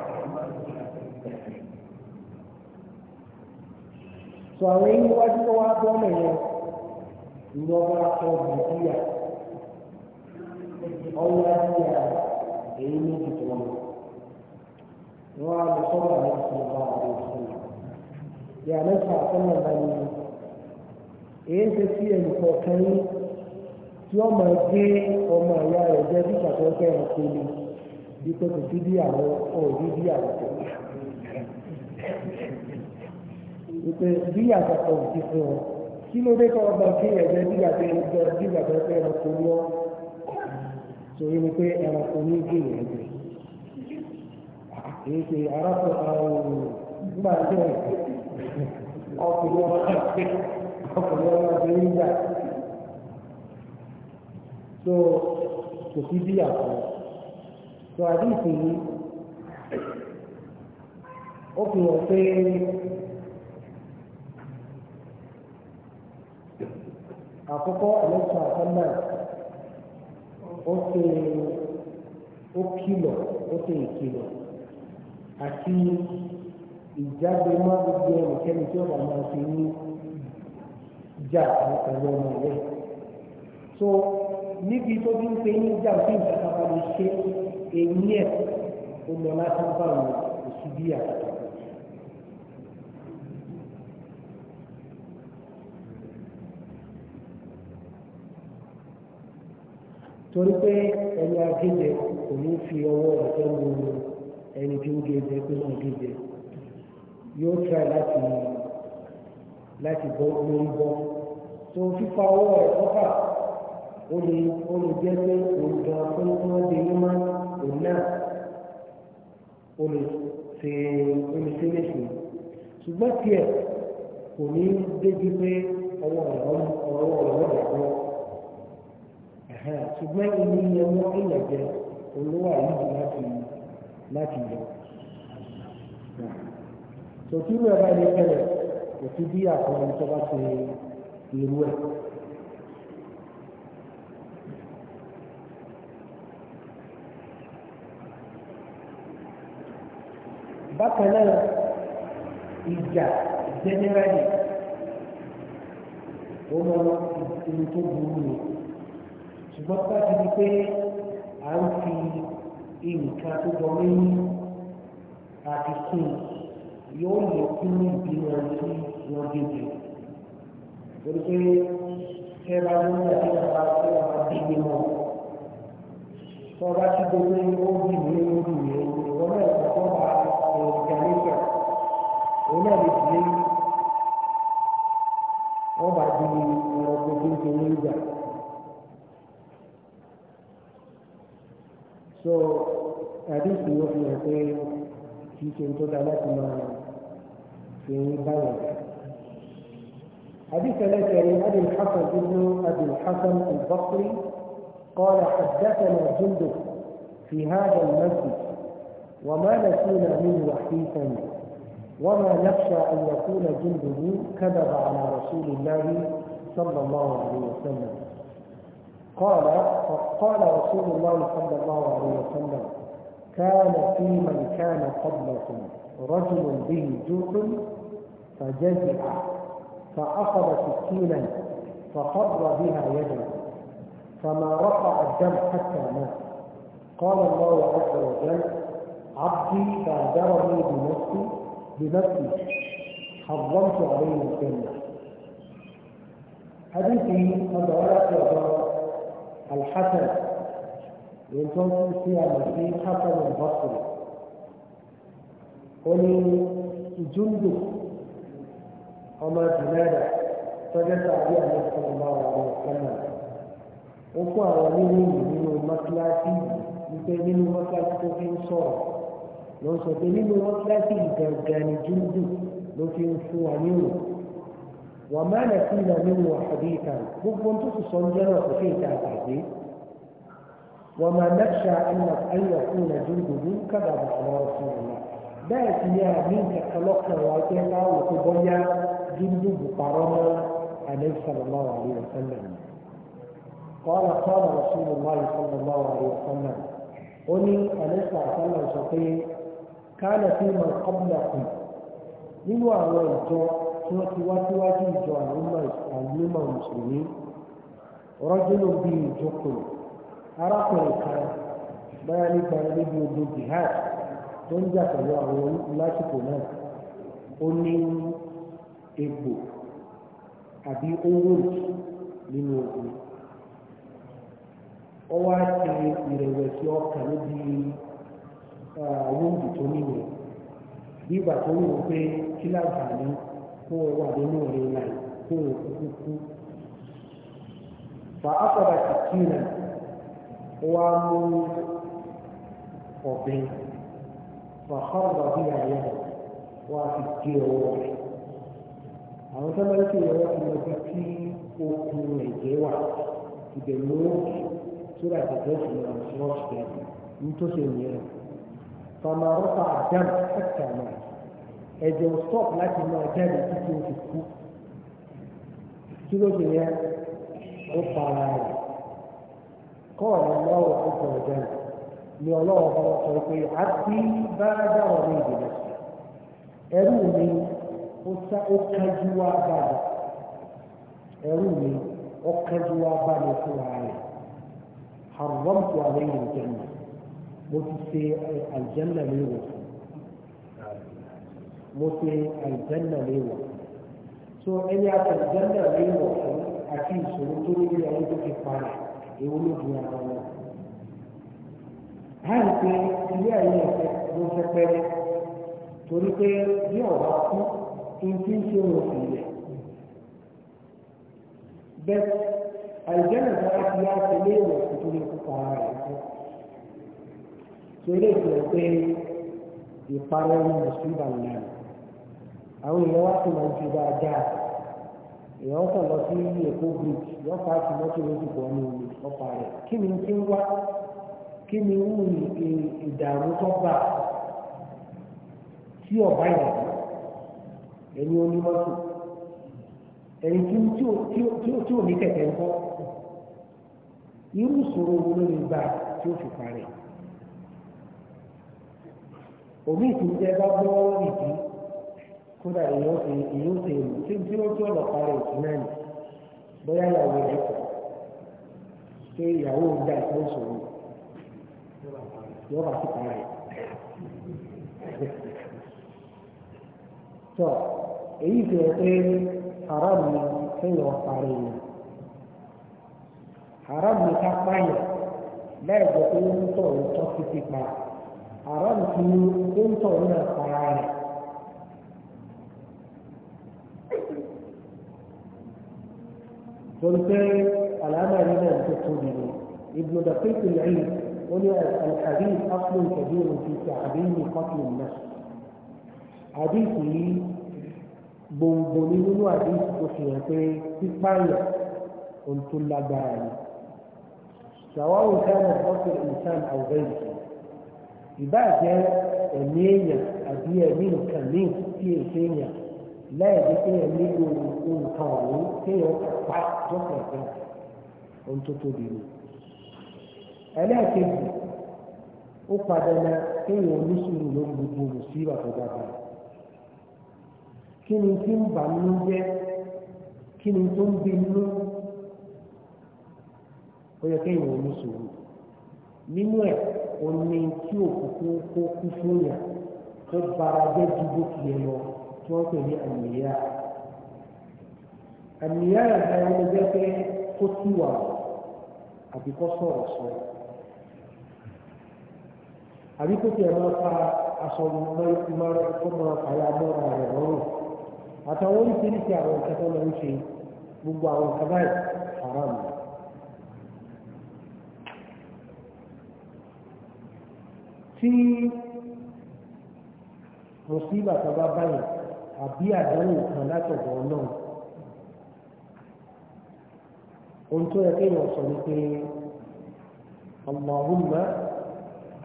sọ àwọn ẹni wájú tó wá bọ́ ọmọ ya ìlú ọba akọ nàìjíríà ọwọ́ àdìyà èyí méjì tó wọn wọn á lọ sọ́dọ̀ àwọn ya bá àwọn ìṣẹ̀lẹ̀ yà á lọ́sọ̀ àtọ́nà ìbáyé èyí ń ṣe sí ẹnìkọ̀ tí wọ́n máa gbé ọmọ rẹ̀ jẹ́ bí ìṣàkóso ní bí bí àwọn bí àwọn wípé bí àtàkọ̀ òsì fún ọ kí ló dé kọ́ ọba kí ẹ̀jẹ̀ dígbà tẹ ẹjọ́ dígbà tẹ ẹjọ́ ẹranko ní ọ torí ni pé ẹranko ní gèlè ẹgbẹ́ kìí ṣe arákùnrin nígbà tí ọkùnrin ọkùnrin ọlọ́dún nígbà tó kò sí bí àpò tó àdéhùn yìí ó fi hàn pé. àkọ́kọ́ ẹlẹ́sìn àtọ́nà ó ṣe ó kìlọ̀ ó ṣe ìkìlọ̀ àti ìjáde má gbogbo ẹnikẹ́ni tí ọba máa fi ní jà pẹ̀lú ọmọ rẹ̀. so níbi tó bí ń pe ní jà sí ìjàkadà lè ṣe èyí ẹ̀ ó lọ láti bá òun òsì bí àkàtà. torí pé ẹni agéjẹ kò ní fi ọwọ́ ọ̀tọ́ lu ẹni tí ó géjẹ pé náà géjẹ yóò tra láti láti bọ́ lórí bọ́ tó fífa ọwọ́ ẹ̀ kọ́fà ó lè ó lè jẹ́ pé òun gan fún wọn lè ní má òun náà ó lè ṣe ó lè ṣe léṣe ṣùgbọ́n tiẹ̀ kò ní débi pé ọwọ́ ọ̀rọ̀ ọ̀rọ̀ ọ̀rọ̀ ọ̀rọ̀ ṣùgbọ́n inú yẹn wọ́n ilẹ̀ jẹ olówó àyíjì láti láti yọ. tòtí ìlú ẹ̀rọ ẹni tẹ̀lẹ̀ òtí bí àkọọ́lẹ̀ tó bá ṣe irú ẹ̀. bákan náà ìjà jẹ́nẹ́rẹ́lì ó lọ ibi tó burú ni ṣùgbọ́n bá ti di pé à ń fi nǹkan tó jọ ní àfikún yóò lè kún ní ìbínú ẹni tí wọ́n dìde torí pé ṣé bá ní ìgbà tí wọ́n bá tí wọ́n bá dìde mọ́ tó bá ti gbogbo ẹni ó bì mí ó bì mí náà kò tó bá ẹ̀ẹ́dẹ̀gbẹ̀ nígbà òun náà lè dìde ó bá di ọ̀rọ̀ gbogbo ìgbà. so àdéhùn yóò fi hàn pé kì í ṣe ń tó da láti máa fi حديث ليس عن ابي الحسن ابن ابي الحسن البصري قال حدثنا جندب في هذا المسجد وما نسينا منه حديثا وما نخشى ان يكون جنده كذب على رسول الله صلى الله عليه وسلم قال قال رسول الله صلى الله عليه وسلم كان في من كان قبلكم رجل به جوع فجزع فأخذ سكينا فقر بها يده فما رفع الدم حتى مات قال الله عز وجل عبدي بادرني بنفسي بنفسي حرمت عليه الجنة حديثي أدرك الحسن ينتظر فيها المسيح حسن البصري قل جند أما جناده فجلس عليه النبي صلى الله عليه وسلم وقع وليه من مكلاتي يقول من مكلاتي في صوره لو صدق من مكلاتي كان جند لو في صوره wà má nà sí nà nínú àdéhìkà gbogbo tó sì sọ ní ẹ̀rọ kò kéèké àgbàgbé wà má nàkṣà ẹ̀yà fún nà dúdú kábàbà àwọn ọ̀sán ọ̀la bẹ́ẹ̀ sì ni àmì kankan lọ́kàn wà pé tó bọ́yá dúdú bùparọ́ mọ́ àlẹ́ sàlọ́lá wà ní ọ̀sán lẹ́yìn. قال قال رسول الله صلى الله عليه وسلم oni alẹ́sà àtàlà sọ pé káàlẹ̀ tí tí wọ́n ti wá síwájú ìjọ àlùmọ̀ mùsùlùmí rọ́júlù bí ìjókòó arákùnrin kan báyà nípa níbi ogun jihad tó ń jà pẹ̀lú àwọn lásìkò náà ó ní egbò àbí owó nínú ogun ó wá ti ìrẹ̀wẹ̀sì ọkàn níbi ah, wóńdù tó nínú bí ìgbà tó wù ú pé kí láǹfààní kó o wà nínú ìlànà kó o kúkú kú. Fa akọ̀dà kìkìnà wá mú ọ̀bẹ fa kọ́ọ̀dà bí àyà wá fi gé ọwọ́ rẹ̀. Àwọn sábà ń ṣe ìrọ̀lẹ́ fún ọjọ́ tí okun rẹ̀ jẹ́ wà ibẹ̀ ló ń kí sórí àtẹ̀tẹ̀ fún ọ̀ṣọ́ọ̀ṣì rẹ̀ nítòsí ìyẹn. Fàmà rọ́pà àdám ẹ̀ka náà ẹ̀jẹ̀ ò stop láti máa jáde títí o fi kú kí ló ṣe yẹn ó para rẹ̀ kọ́ ọ̀nà lọ́wọ́ tó sọ̀rọ̀ jẹun ni ọlọ́wọ́ kan sọ pé a ti bá dáwọ̀ ní ìdílé ẹrú mi ó sá ó kájú wá bá mi ẹrú mi ó kájú wá bá mi fún wa rẹ̀ haramtu alayhi aljanna mo ti ṣe aljanna mi wò fún. mo ṣe àìjẹ́nà léwọ̀ so ẹni àti àìjẹ́nà léwọ̀ fún àti ìṣòro tó ní ilé ayé tó fi parẹ̀ èwo ló di ara wọn. a rí pé ilé ayé ẹ̀fẹ́ ló fẹ́ pẹ́rẹ́ torí pé bí ọ̀rọ̀ kú ìdí ṣe òun sì rẹ̀ bẹ́ẹ̀ àìjẹ́nà tó wá ti yá ṣe léwọ̀ tó ní kópa rẹ̀ fún. so ilé ìṣòro pé ìparẹ́ ní mùsùlùmí bá ń lẹ́nu. àwọn èèyàn wá sí máa ń dáadáa èèyàn kàn lọ sí èkó bridge yọ pa àti mọ́tò lójú bọ́ ní omi ọ̀pá rẹ̀ kí ni ti ń wá kí ni wù ìdààmú tó bá tí ọ̀bá ìyàwó ẹni onímọ́tò ẹni tí ò ní kẹ̀kẹ́ ń kọ́ irú ìṣòro wo ló lè gbà tí ó fi parẹ́ òmíì tí bá gbọ́ ìdí kódà èyàn ṣe èyàn ṣe èlò tí tí ó tí ọ̀nà parẹ́ òtún náà nì bóyá ìyàwó rẹ̀ kọ̀ pé ìyàwó ń dá ìpín ìṣòro yóò bá ti parẹ́. tọ́ èyí fi hàn pé haram ni kéèyàn parẹ́ yẹn haram ni ká pààyàn láì jẹ́ pé ó ń tọ̀ ń tọ́ títí pa haram ti ní ó ń tọ̀ ń náà para rẹ̀. قلت علامة لنا تقولني ابن دقيق العيد قل الحديث أصل كبير في تعبين قتل النفس حديثي بونبوني منه حديث بخيرتي في الثانية قلت لبان سواء كان قتل الإنسان أو غيره إذا جاء أمينة أبي أمين كمين في أمينة láìsí kéèyàn nílò nǹkan ọ̀hún kéèyàn pa jọ́sẹ̀ kan ohun tó tóbi ni. ẹlẹ́ẹ̀kejì ó padà na kéèyàn oníṣòro ló ń gbogbo mùsíbà tó dábàá. kí ni tí ń bà nínú jẹ́ kí ni tó ń bí nínú ó yẹ kéèyàn oníṣòro nínú ẹ̀ òní tí òkùnkùn kó kú fún yà tó bara jẹ́ ju bó lọ wọ́n pè ní àmìyá àmìyá ẹ̀ka ẹni jẹ́ pé kó tí wà àbí kó sọ̀rọ̀ sọ àbí kó tiẹ̀ máa fa aṣọ ìmọ̀ràn kó máa fàyà mọ́ra rẹ̀ lọ́rùn àtàwọn oríṣiríṣi àwọn nǹkan tó máa ṣe gbogbo àwọn nǹkan báyìí haram tí mùsùlùmí àtàwọn báyìí àbí àdánwò kan látọ̀dọ̀ náà ohun tó yẹ kéèyàn sọ ni pé Allahumma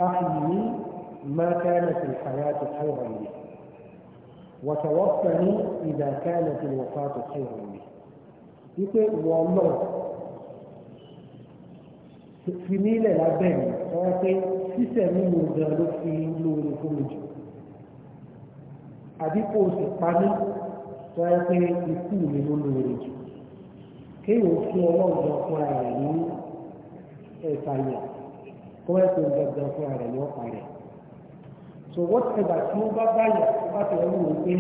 ahyini ma kana fi hayati khayran li wa tawaffani idha kana fi wafati khayran li wípé wọ́n náà fi nílẹ̀ lábẹ́ mi sọ pé sísẹ̀ mímu gan ló fi lóore fún mi jù àbí kò sì pa mí tó yẹ pé ikú mi ló lóore jù kéèyàn fún ọlọ́run gan fúnra rẹ̀ ní ẹ̀ka yẹn kó yẹ pé gangan fúnra rẹ̀ ní ọ̀pá rẹ̀ so whatever tí wọ́n bá báyà tó bá tẹ̀lé wò pé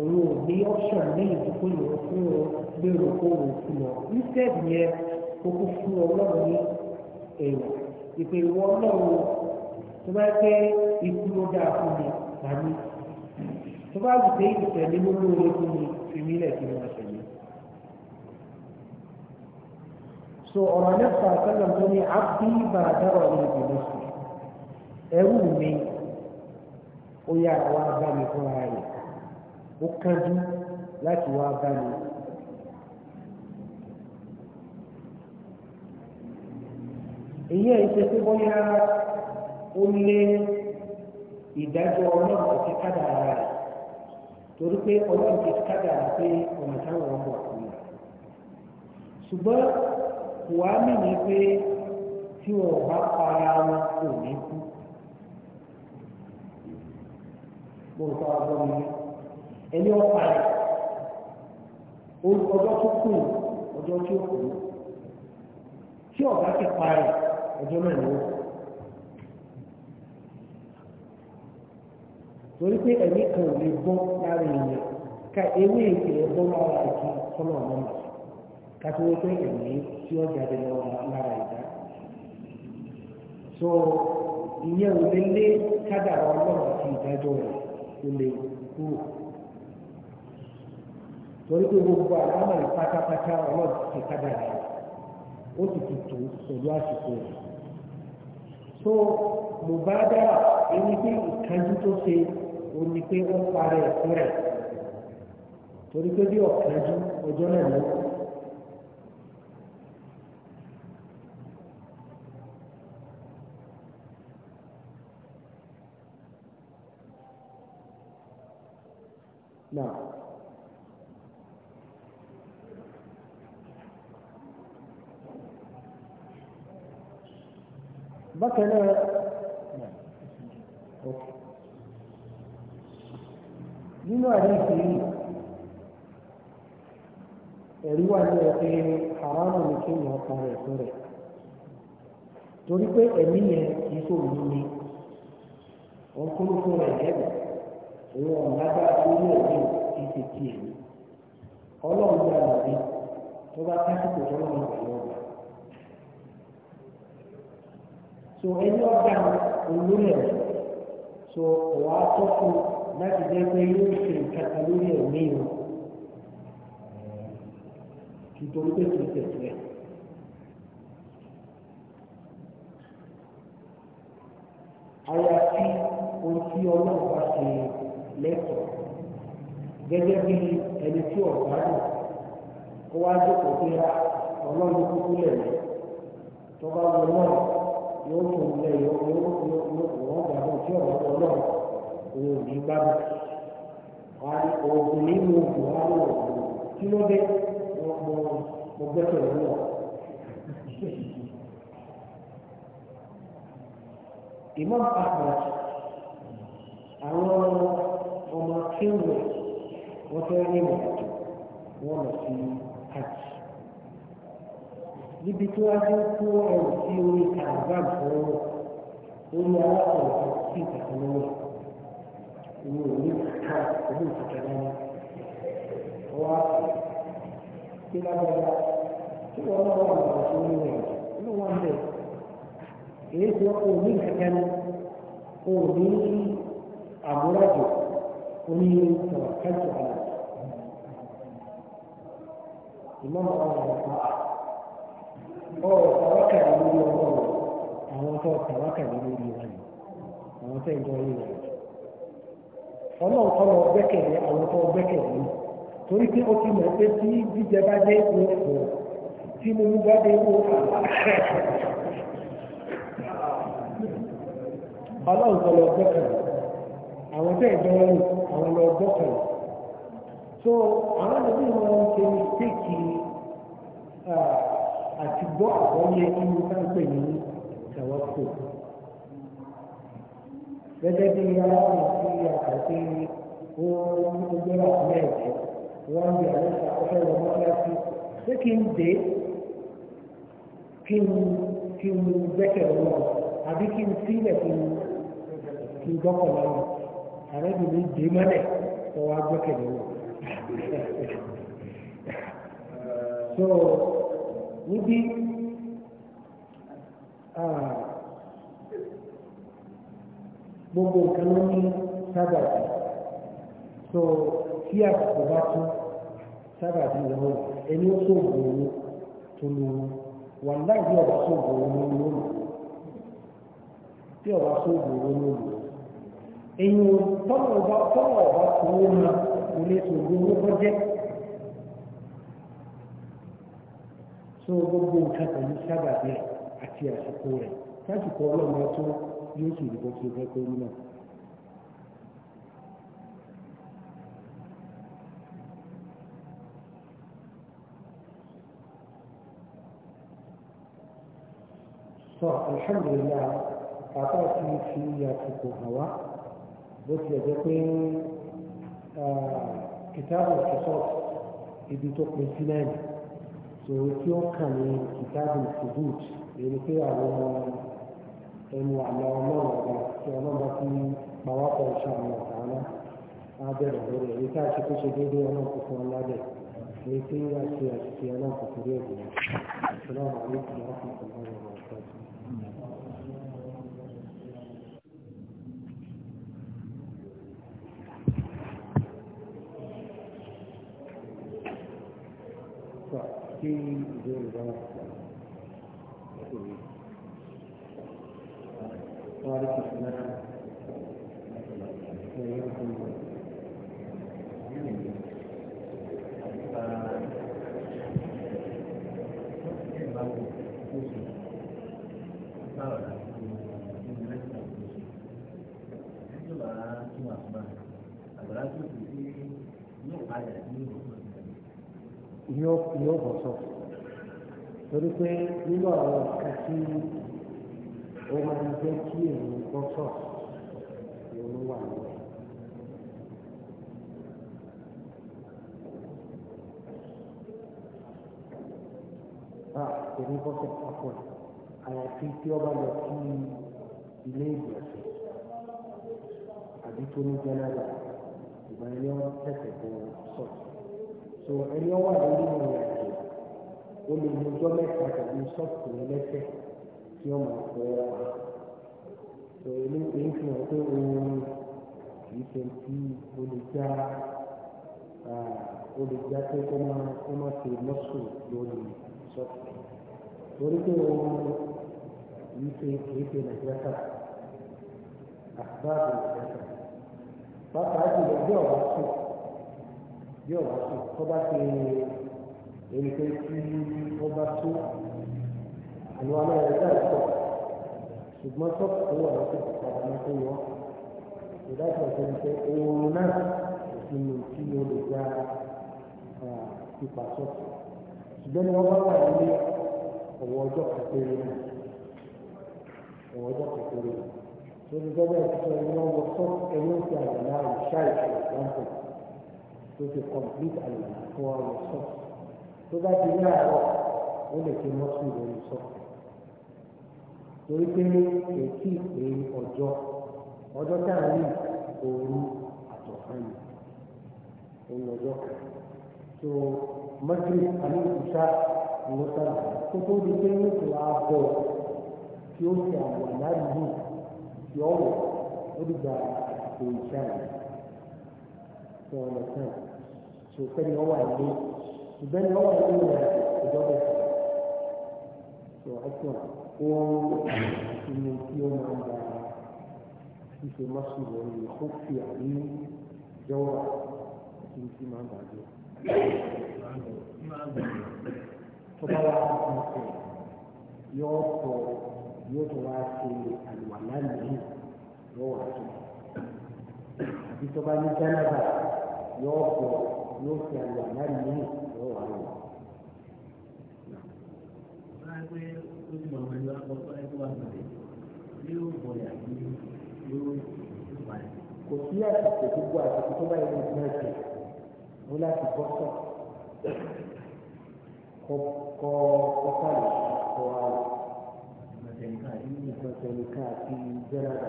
òun ò ní option ní ìdókòwò fún ọ gbèrò kó wò fún ọ instead yẹn kó kó fún ọlọ́run ní èèyàn ìpè ìwọ ọlọ́run tó bá yẹ pé ikú ló dáa fún mi tàbí tó bá wù pé ìtẹ̀lé lórí ológun ni fìmí lẹ̀ kí wọ́n tẹ̀lé. so ọ̀rọ̀ nípa sẹ́lẹ̀ tó ní abdi bá dára ní ìbílẹ̀ sí ẹrú mi ó yà wá bá mi fún ara rẹ̀ ó kánjú láti wá bá mi. èyí ẹ̀ ṣe pé bóyá ó lé ìdájọ́ ọlọ́run àti kádàrá rẹ̀. torí pé ọlọ́run ti pe pé ọ̀nà táwọn ọmọ ọ̀kú yà ṣùgbọ́n wàá mìíràn pé tí wọn bá para wọn kò ní kú mo ń sọ ọgbọ́n mi ẹni ọ̀pá rẹ̀ ọjọ́ tó kù ọjọ́ torí pé ẹ̀mí kan ò lè bọ́ lára èèyàn ká ewé ètò ẹ̀ bọ́ lára ìka kọ́nà ọ̀nà mọ̀ ká tó wọ́n ẹ̀mí tí ó jáde lára ìdá. so ìyẹn ò lè lé kádàrá ọlọ́run àti ìdájọ́ rẹ̀ kó lè kúrò torí pé gbogbo àlámà rẹ̀ pátápátá ọlọ́run ti kádàrá rẹ̀ ó sì ti tù pẹ̀lú àsìkò rẹ̀ so mo bá dára èyí pé ìkájú tó ṣe ó ní pé ó parẹ́ ẹ̀kọ́ rẹ̀ torí pé bí ọ̀kẹ́jú ọjọ́ náà lọ. Now. بكنا nínú àdé ìṣèlú ẹ̀rí wà ní ẹ̀pẹ́ haramu ní kéèyàn pa rẹ̀ fún rẹ̀ torí pé ẹ̀mí yẹn kìí sòrò nílé wọn kúrò fún rẹ̀ lẹ́gbẹ̀ẹ́ òun ọ̀nà lágbára lórí ẹ̀mí kìí ṣe tiẹ̀ ní ọlọ́run ní àlàbí tó bá kásìkò tó lọ́wọ́ ìgbàlọ́ ọ̀gá. so ẹni ọ̀gá olórí ẹ̀mí so ọ̀wá tó fún láti jẹ́ pé yóò ṣe ìkàkà lórí ẹ̀mí wọn nítorí pé kì í tẹ̀sílẹ̀. àyàfi ohun tí ọlọ́run bá ṣe lẹ́tọ̀ọ́ gẹ́gẹ́ bí ẹni tí ọ̀gá lò kó wá jókòó pé ọlọ́run kúkú lẹ̀ lẹ́ tó bá wọ náà yóò fún un lẹ́yìn yóò gbàgbọ́ tí ọ̀gá lọ́rùn òun ò ní gbádùn wà á ní oògùn nínú oògùn wà á kí ló dé mo gbẹ́sẹ̀ lọ́wọ́. Imam Ahmad àwọn ọmọ kéwù wọn fẹ́ rí ìmọ̀ wọn lọ sí hajj níbi tí wọ́n ti ń kó ẹrù sí orí kàràbà fún orí alákọ̀ọ́kọ́ sí ìtàkùn lọ́wọ́ ìwé òní kíkà òní ìtìkà náà wá kí lágbára kí wọn náà wà lọ sí orí rẹ inú wọn bẹ èyí tí wọn òní kíkà ní òní àmúrájò òní sọ̀rọ̀ kẹ́sọ̀ àlà ìmọ̀ náà wà lọ sí ọ sàwákà lórí ọmọ rẹ àwọn tó sàwákà lórí wọn àwọn tó ń jọ orí ọlọ́run tó lọ gbẹ́kẹ̀lé àwọn tó gbẹ́kẹ̀lé torí pé ó ti mọ̀ pé tí jíjẹ bá dé ipò ipò tí mo mú bá dé ipò ọlọ́run tó lọ gbẹ́kẹ̀lé àwọn tó ẹ̀jọ́ rẹ̀ àwọn lọ gbẹ́kẹ̀lé so àwọn ẹbí wọn ṣe mistake ah, àti gbọ́ àgbọ́yé inú sáńpẹ̀ ní tẹ̀wọ́ fún gẹ́gẹ́ bí aláwọ̀ sí àkàtì ohun ọgbẹ́ àkúrẹ́ ẹ̀jẹ̀ wọ́n bí àwọn ìṣàkóso lọ mọ́kíláṣí pé kí n dé kí n kí n gbẹ́kẹ̀ lọ́wọ́ àbí kí n sílẹ̀ kí n kí n gbọ́kọ̀ lọ́wọ́ àrẹ́bìnrin dé mọ́lẹ̀ kọ́ wa gbẹ́kẹ̀ lọ́wọ́. so níbi. Ah, gbogbo nǹkan ló ní sábàbí so tí àkókò bá tún sábàbí wọn ẹni ó sóògùn owó tó lu wà láìpẹ́ ọ̀bá sóògùn owó ló lò tí ọ̀bá sóògùn owó ló lò èyí tọ́lọ̀ ọ̀bá tọ́lọ̀ ọ̀bá owó náà kò lè sóògùn owó kọjẹ́ so gbogbo nǹkan pẹ̀lú sábàbí àti àsìkò rẹ̀ lásìkò ọlọ́run tó yóò sì rí bó ṣe fẹ́ pé rí náà. sọ alhamdulilayi bàbá ti fi àsìkò hàn wá bó tilẹ̀ jẹ́ pé kìtàbù ìṣọ́ ibi tó pin sí náà ni tí ó kàn ní kìtàbù ìṣòdùt èyí pé àwọn ọmọ ẹnu àlà ọlọ́run ọba tí ọlọ́ba fi pàwápọ̀ ìṣàmì àtàlá abẹ́rẹ̀ lórí èyí tá a ṣe tó ṣe déédéé ọlọ́kùnkùn ọládẹ̀ èyí tí a ṣe àṣìṣe ọlọ́kùnkùn rí ẹ̀dùn ọlọ́run àlékún ọlọ́kùnkùn ọlọ́run ọ̀tọ̀ Thank you. yóò bọ̀ sọ torí pé nínú àwọn ọ̀ka ó máa ń jẹ́ kí èèyàn bọ́ sọ òun wà lọ. èmi bọ́ sọ papọ̀ àyàfi tí ọba lọ sí ilé ìgbọ̀nsẹ̀ àbí tó ní jẹ́nàdà ìgbà yẹn tẹ̀sẹ̀ bọ́ sọ̀tún so ẹni ọwọ́ àdúgbò ìrìn àjò ó lè mú ọjọ́ mẹ́ta tàbí sọ́ọ̀tù lẹ́sẹ̀ tí wọ́n máa fọ ọ́ wa so èyí èyí fi hàn pé òun kìí ṣe tí olùjá olùjá pé kó máa kó máa ṣe mọ́sùn lórí sọ́ọ̀tù torí pé òun kìí ṣe kìí ṣe nàìjíríà àti báàbò nàìjíríà pàápàá jùlọ bí ọ̀rọ̀ sùn bí ọ̀rọ̀ sí tó bá ti ẹni pé tí ó bá tó àwọn aláìlẹ̀ dáì pọ̀ ṣùgbọ́n tó kò wà lọ́sẹ̀ padà ní kó yọ ìdájọ́ ìṣẹ́ni pé oorun náà ìsinmi tí ó lè dá pípa sọ́ọ̀tù ṣùgbọ́n ni wọ́n bá wà nílé ọ̀wọ́ ọjọ́ kékeré náà ọ̀wọ́ ọjọ́ kékeré náà tó ní gbọ́dọ̀ ìṣẹ́ ẹni wọ́n wọ sọ́ọ̀tù ẹni ó ti àgbà náà ìṣá ìṣẹ̀lẹ̀ tó ti complete àlùfáà fún wa lọ sọ tó bá ti ní àárọ̀ ó lè fi mọ́tò ìròyìn sọ torí pé èkì pé ọjọ́ ọjọ́ tá a rí òru àtọ̀fán ni òun ọjọ́ kan tó mọ́tò àmì ìṣá ìwọ́ta tó tó di pé ní ìtura bọ̀ tí ó ṣe àwọn aláàbò tí ó wọ̀ ó dìgbà àti ìṣá yìí fún ọmọ kan tó fẹ́ ni wọ́n wà ní ìgbẹ́ ni wọ́n wà ní ìlà ìjọba ìfẹ́ tó ẹ̀sùn ohun ìsinmi tí ó máa ń da ṣíṣe mọ́ṣúlẹ̀ ní kófì àbí jọwọ́ àti tí máa ń bàjẹ́. tó bá wà á fún ọ̀sẹ̀ yóò sọ yóò tó wá ṣe àlùwàlá nìyí lọ́wọ́ àti àbí tó bá ní jẹ́nàbà yóò bọ̀ yóò fi àlọ́ àlárí yìí yóò wà lọ. kò sí àsìkò gbogbo àsìkò tó bá yẹ kó tún ẹsẹ̀ ó láti bọ́ sọ̀ kọ́ kọ́kàlẹ̀ kọ́ àlọ́ ìgbọ̀nsẹ̀ nìkan àti jẹ́nàbà.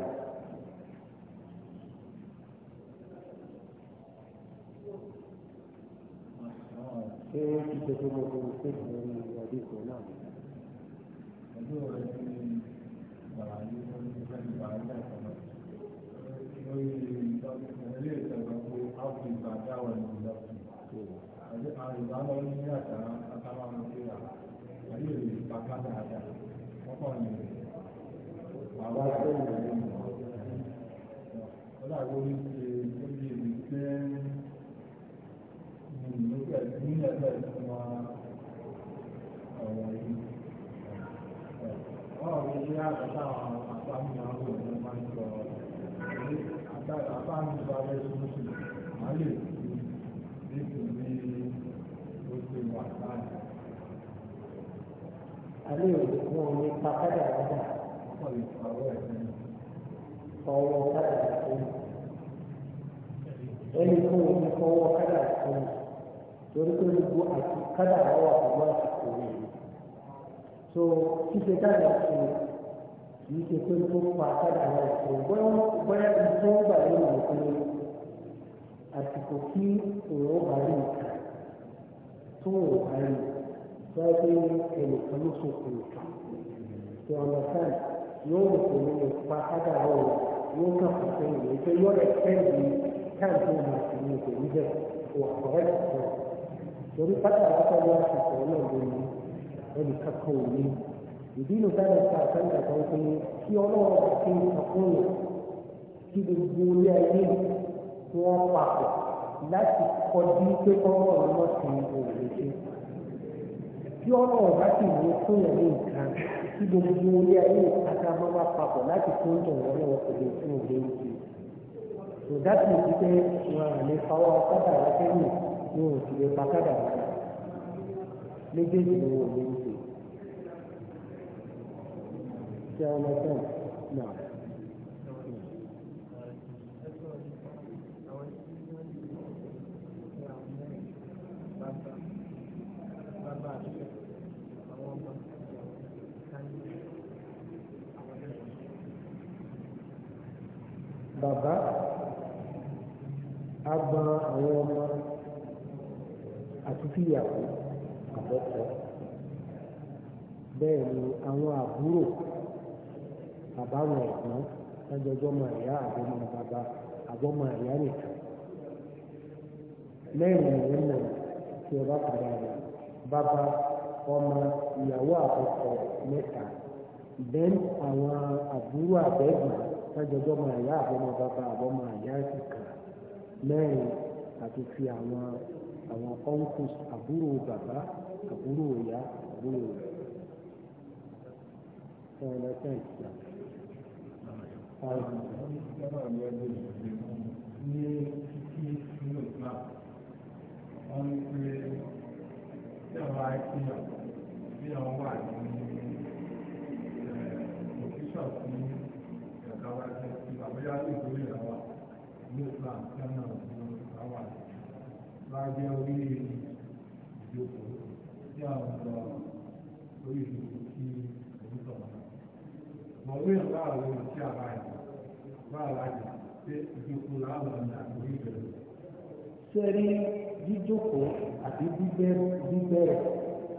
ṣé ìṣe tó mọ̀ tó ṣe ìṣe lórí ọdún ìṣe náà. ọdún rẹ̀ ti wà ní ọdún ìgbà ìgbà ìgbà lórí ilé ìtajà pé áàpù ìgbà dáwọ̀ ní ìgbà àti àrùbá lọ ní àtà àtàwọn ọmọ tó yà ayé rẹ̀ pàtà dáadáa wọ́n kàn bàbá rẹ̀ lórí ìgbà ìgbà ní Àlẹ́ òkun omi pa kádà lọ́dà. Ọwọ́ kádà lọ́dà. Ẹni fún omi fọwọ́ kádà lọ́dà. Torí pé gbogbo àti kádà lọ́wọ́ àtàwọn àsìkò rẹ̀. So ṣíṣe kádà sí kì í ṣe pé tó pa kádà lọ́dà. Bóyá ìfọwọ́gbà yóò wò pé àsìkò tí òun ọba rí nǹkan tó òun ọba rí gbáyé ẹnìkan ló sọkùn nǹkan tí ọ̀nà sáà yóò rò pé ní ipa ádà ọ̀rọ̀ yóò kà fún sẹ́yìn rẹ̀ pé yọ̀rọ̀ ẹ̀kẹ́rì káàdì ọ̀nà sí ní ìpè níbẹ̀ kò àkọ́rẹ́ ìtọ́ torí pátá àkọ́kọ́ ní àsìkò náà ló ẹnìkan kan ò ní ìdí ìlú nípa àtàǹdà kan pé kí ọlọ́run kí wọ́n papọ̀ láti kọjú pé kọ́mọ̀ ọ̀nà kan òòlù ṣe. Tí ọ̀nà ọ̀gá sì wọ́n fún yẹn ní nǹkan tí gbogbo ilé ayé ìtajà máa wá papọ̀ láti fún ìdọ̀wọ́ náà kò lè fún òòlù ṣe. Ìdájú ti pé wọn à lè fọwọ́ ọ̀kadà wá sẹ́yìn ní òsì lè pa kádà wá. Méjèèjì ni wọ́n lè ń ṣe. Ṣé ọmọ sẹ́yìn náà? bàbá agbọn àwọn ọmọ àti fíyàwó àbọ̀kọ bẹ́ẹ̀ ni àwọn àbúrò àbáwọn ẹ̀gbọ́n lájọjọ́ máa yá àbọ̀mọ bàbá àbọ̀mọ ìyá nìkan lẹ́yìn ìwé náà tí ọba padà rẹ̀ bàbá ọmọ ìyàwó àbọ̀kọ mẹ́ta bẹ́ẹ̀ àwọn àbúrò àbẹ́gbọ̀n tájọjọ́ máa yá àbọ̀mọ bàbá àbọ̀mọ àyá ìkà mẹ́rin àti fi àwọn àwọn uncles àbúrò bàbá àbúrò ìyá àbúrò rẹ̀. Wọ́n ní pé ìjọba ìpínlẹ̀ bí àwọn wà ní òfíṣọ̀ fún àwọn ẹ̀sẹ̀ ìgbàgbọ́yá sí ìgbóni ìràwà ní islam kánà ọ̀sán àwọn láàbí orí ìjókòó tí àwọn ọ̀dọ́ orí ọ̀gá àwọn olùsí sẹ́rí jíjókòó àti bíbẹ̀rẹ̀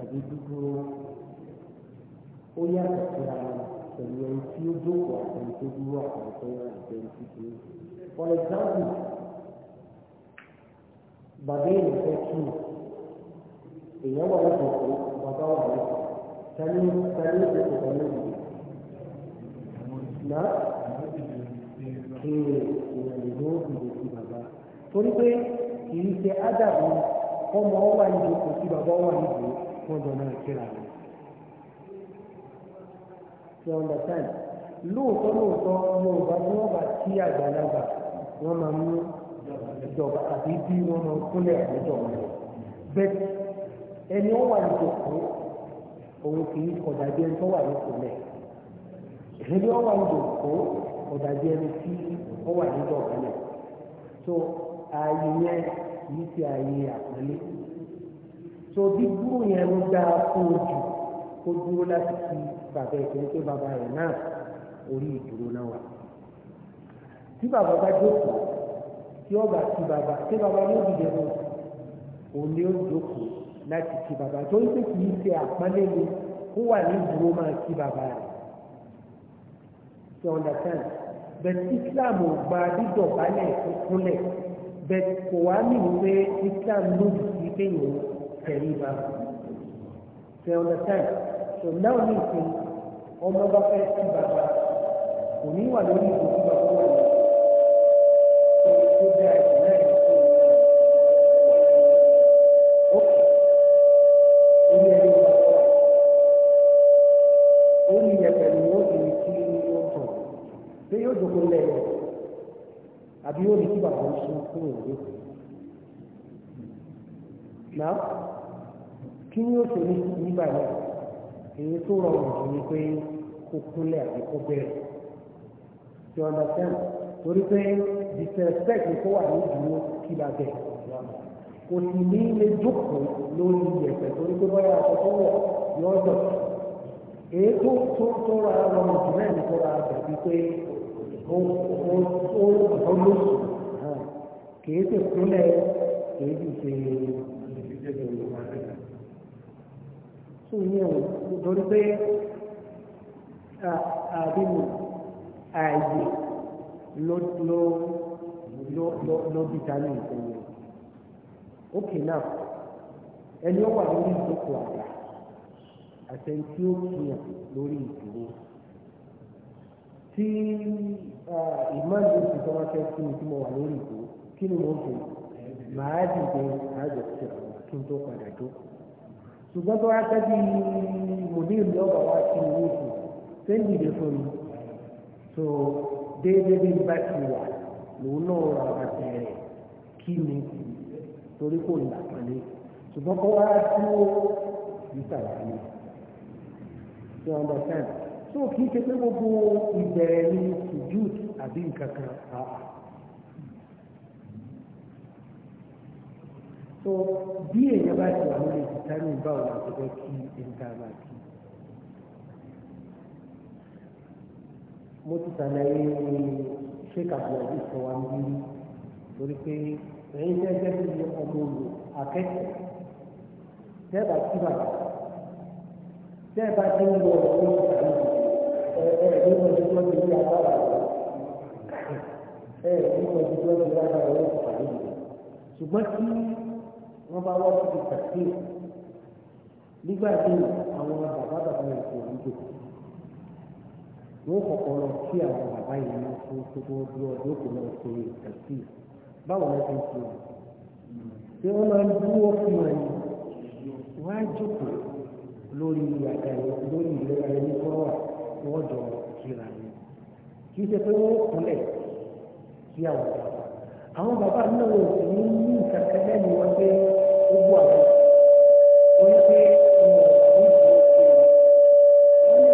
àti dúdúró ó yàtọ̀ síra wọn pẹ̀lú ẹni tí ó jókòó àtẹni tó dúró àtẹni tó àtẹni tó dúró. for example bàbá èèyàn fẹ́ kí èèyàn wà lọ́sọ̀ pé bàbá wà lọ́sọ̀ tani tani ó ti tẹ̀lé mi. náà kí èèyàn lè dúró ìdè sí bàbá torí pé kì í ṣe ádàbọ̀ ọmọ wà nídìí kò sí bàbá wà nídìí wọ́n jọ náà kíra rẹ̀ you understand lóòótọ́ lóòótọ́ yorùbá tí wọ́n bá tí àgbàlagbà wọ́n máa mú ìjọba àbí bí wọ́n máa kúnlẹ̀ àwùjọ wọn bẹ́ẹ̀ ẹni ó wà níjòkó òun kì í ọ̀dàbí ẹni tó wà ní kúnlẹ̀ ẹni ó wà níjòkó ọ̀dàbí ẹni tí ó wà níjọ kúnlẹ̀ so ààyè yẹn kì í ṣe ààyè àpọ́nlé so bí gbúrú yẹn ló dáa fún ojú kó dúró láti fi bàbá ẹ̀ torí pé bàbá rẹ̀ náà orí ìdúró náà wà. tí bàbá bá jókòó tí ó bá ti bàbá tí bàbá yóò dìde mọ́ òun ni ó jókòó láti ti bàbá torí pé kì í ṣe àpọ́nlé ni kó wà ní ìdúró máa ti bàbá rẹ̀. ṣe understand bẹ́ẹ̀ Islam ò gba dídọ̀bálẹ̀ tó kúnlẹ̀ bẹ́ẹ̀ kò wá ní ìwé Islam lòdì sí kéèyàn tẹ̀lé bàbá. ṣe understand tòun náà ní ìpín ọmọ bá fẹ́ sí bàbá kò ní wà lórí ìbùkún bàbá wà lọ tó tó dá ẹ̀sìn náà ní tó òkè orí ẹni wà lọ orí ẹ̀fẹ̀ ni ó ti ní kí ó tọ̀ pé yóò dòkó lẹ́yìn àbí yóò ní kí bàbá ń sún kúrò lókè náà kí ni ó ṣe ní nígbà náà èyí tó rọrùn jù ni pé kó kúnlẹ̀ àti kó bẹ̀rẹ̀ you understand torí pé disrespect kó wà ní ìdúró kí la bẹ̀ kò sì ní ilé jókòó lórí ìyẹ̀pẹ̀ torí pé bọ́lá aṣọ tó wọ̀ yọ èyí tó tó tó ra rọrùn jù náà ní tó ra bẹ̀bí pé ó ó ó ó lóṣù kì í sì kúnlẹ̀ kì í sì ṣe ìdíje tó lè máa tó yẹ o nítorí pé àbínú ààyè ló ló ló ló ló bí dání nǹkan yẹn ókè náà ẹni ó wà lórí ìjókòó àgbà àtẹni tí ó kíyàn lórí ìdúró tí ìmáàlú ti tọ́wọ́ fẹ́ sí mi tí mo wà lórí ìdúró kí ni mo ń pè máa dìde àjọṣe àwọn kí n tó padà jókòó ṣùgbọ́n tó wá tẹ́tí mòdìrì ọ̀bà wá sí owó oṣù sẹ́yìn ìdè fún mi so déédéé bí bá ti wà lòun náà ra bàtà rẹ̀ kí ni torí kò ní àpọ́nlé ṣùgbọ́n kó wá dúró níta ìdílé you understand so kì í ṣe pé gbogbo ìbẹ̀rẹ̀ ni sujud àbí nǹkan kan àà. so bí èèyàn bá ti wà lórí ìtìtánì báwo la ti fẹ́ kí ẹ̀ka máa kí. mo ti sàlàyé ṣéka àbúrò sọ wa ń bí torí pé ẹ̀yin jẹ́ jẹ́bi ọmọ olù akẹ́kọ̀ọ́ tẹ́ẹ̀bà tí bàbá tẹ́ẹ̀bà tí ń lọ ọ̀rọ̀ ìtàlù ẹ̀ẹ́dẹ́gbẹ̀rún ọdún tó ti rí agbára ẹ̀ẹ́dẹ́gbẹ̀rún ọdún tó ti rí agbára ọ̀rọ̀ ṣùgbọ́n kí wọ́n bá wọ́n ti tàkì nígbà tí àwọn bàbá bàbá yẹn kò ń jò wọ́n kọ̀kọ́ lọ sí àwọn bàbá yẹn náà fún gbogbo ọdún ọdún kò lọ sí tàkì báwo ni wọ́n ti wọ́n ṣé wọ́n máa ń dúró fún ẹ̀ wọ́n á jókòó lórí àga yẹn lórí ìlera yẹn ní kọ́rọ̀ wọ́n jọ kíra yẹn kì ṣe pé wọ́n kúnlẹ̀ sí àwọn bàbá àwọn bàbá náà ò sì ní ní ìkàkẹ́ lẹ́nu wọn pé ó bú àwọn wọn pé wọn ò ní ìdílé sí i wọn ní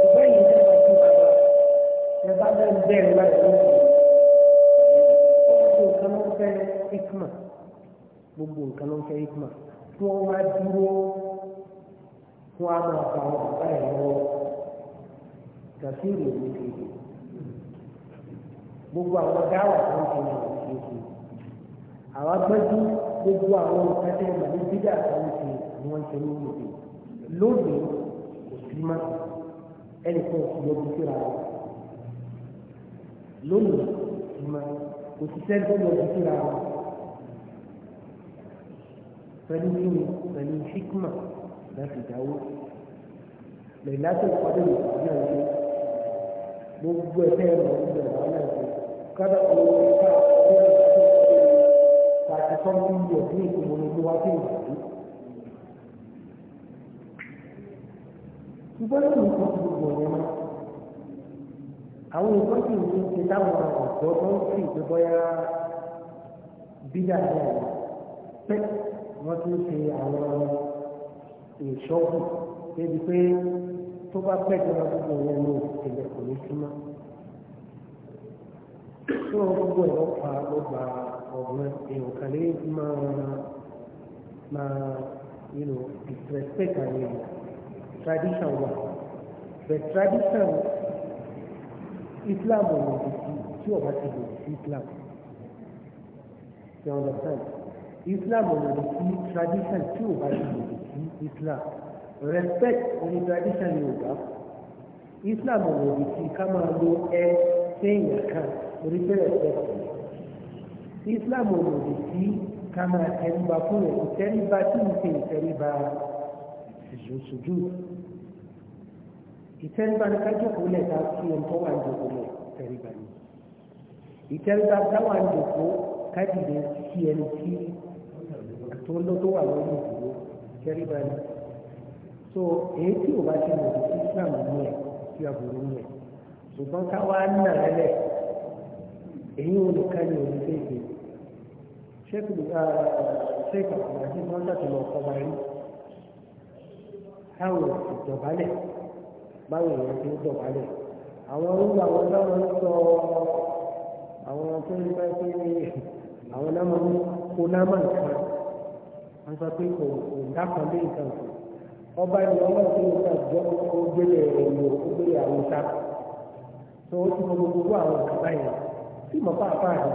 ìdílé ọgbẹ́ yìí dábàá sí bàbá ẹ bá dá bẹ́ẹ̀ láì lọ́sọ̀rọ̀ gbogbo nǹkan ló ń fẹ́ hikma gbogbo nǹkan ló fẹ́ hikma kí wọ́n wá dúró fún àwọn bàbá ẹ̀ lọ́wọ́ gàfíìrì òkèèrè gbogbo àwọn dáwà tó ń ṣe àwọn ìṣe àwọn agbẹ́jú gbogbo àwọn ìkẹ́tẹ́ ìmọ̀lẹ́ bídà tó ń ṣe ni wọ́n ṣe ní òde lónìí kò sí má ẹnì kan kò yọjú síra wọn lónìí kò sí má kò sí sẹ́ni tó yọjú síra wọn pẹ̀lú kíni pẹ̀lú hikma láti dáwó lẹ́yìn láti ìpàdé ìpàdé gbogbo ẹ̀fẹ́ ẹ̀rọ ìgbẹ̀rẹ̀ kada ku yi ka kuma da su ta ci kan kungiya ne kuma ne kuma ke yi ṣùgbọ́n ní nǹkan tó gbogbo ọ̀rọ̀ náà àwọn nǹkan tí ìwé ń ṣe táwọn ọ̀dọ́ tó ń fi ìgbé bọ́yá bídà ní àyè pé wọ́n tún ṣe àwọn ìṣọ́kù débi pé tó bá pẹ́ jọra gbogbo wọn ní òṣèlè kò ní túmọ̀ tí wọ́n gbogbo ẹ̀rọ pa ló gba ọ̀gbọ́n èèyàn kan ní máa máa you know disrespect àwọn èèyàn tradition wa but tradition Islam ò lòdì sí tí ọba ti lòdì sí Islam you understand Islam ò lòdì sí tradition tí ọba ti lòdì sí Islam respect oní tradition Yorùbá Islam ò lòdì sí ká máa lo ẹ sẹ́yìn kan torí pé ẹ̀sẹ̀ kù islam ò lòdì sí ká máa tẹríba fún ẹ̀ ìtẹríba tí ń ṣe ìtẹríba ìṣòṣòjú ìtẹríba ní ká jókòó lẹ̀ ká kí ohun tó wà ń jókòó lẹ̀ ìtẹríba ni ìtẹríba táwa ń jókòó ká dìde kí ẹni tí àtúndó tó wà lórí ìdúró ìtẹríba ni so èyí tí ò bá ṣe lòdì sí islam ní ẹ̀ tí a bò ní ẹ̀ ṣùgbọ́n káwa ń nà ẹ́ èyí wọn nìkan ní òun ah, ṣe èdè ṣẹ́kù ṣẹ́kù àti wọn láti lọ ọkọ wa rí táwọn ìdọ̀bálẹ̀ báwo èèyàn ti ń dọ̀bálẹ̀ àwọn orúkọ àwọn táwọn ń sọ àwọn tó ń bá pé àwọn náà máa ń kó náà máa ń kan wọn sọ pé kò dákan lé nǹkan kan ọba ni ọlọ́run tó ń gbà jọ ó gbélé ẹ̀yìn ó gbélé àwọn sáà tó ti mọ gbogbo àwọn ìkàbá yẹn tí mo bá bá rẹ̀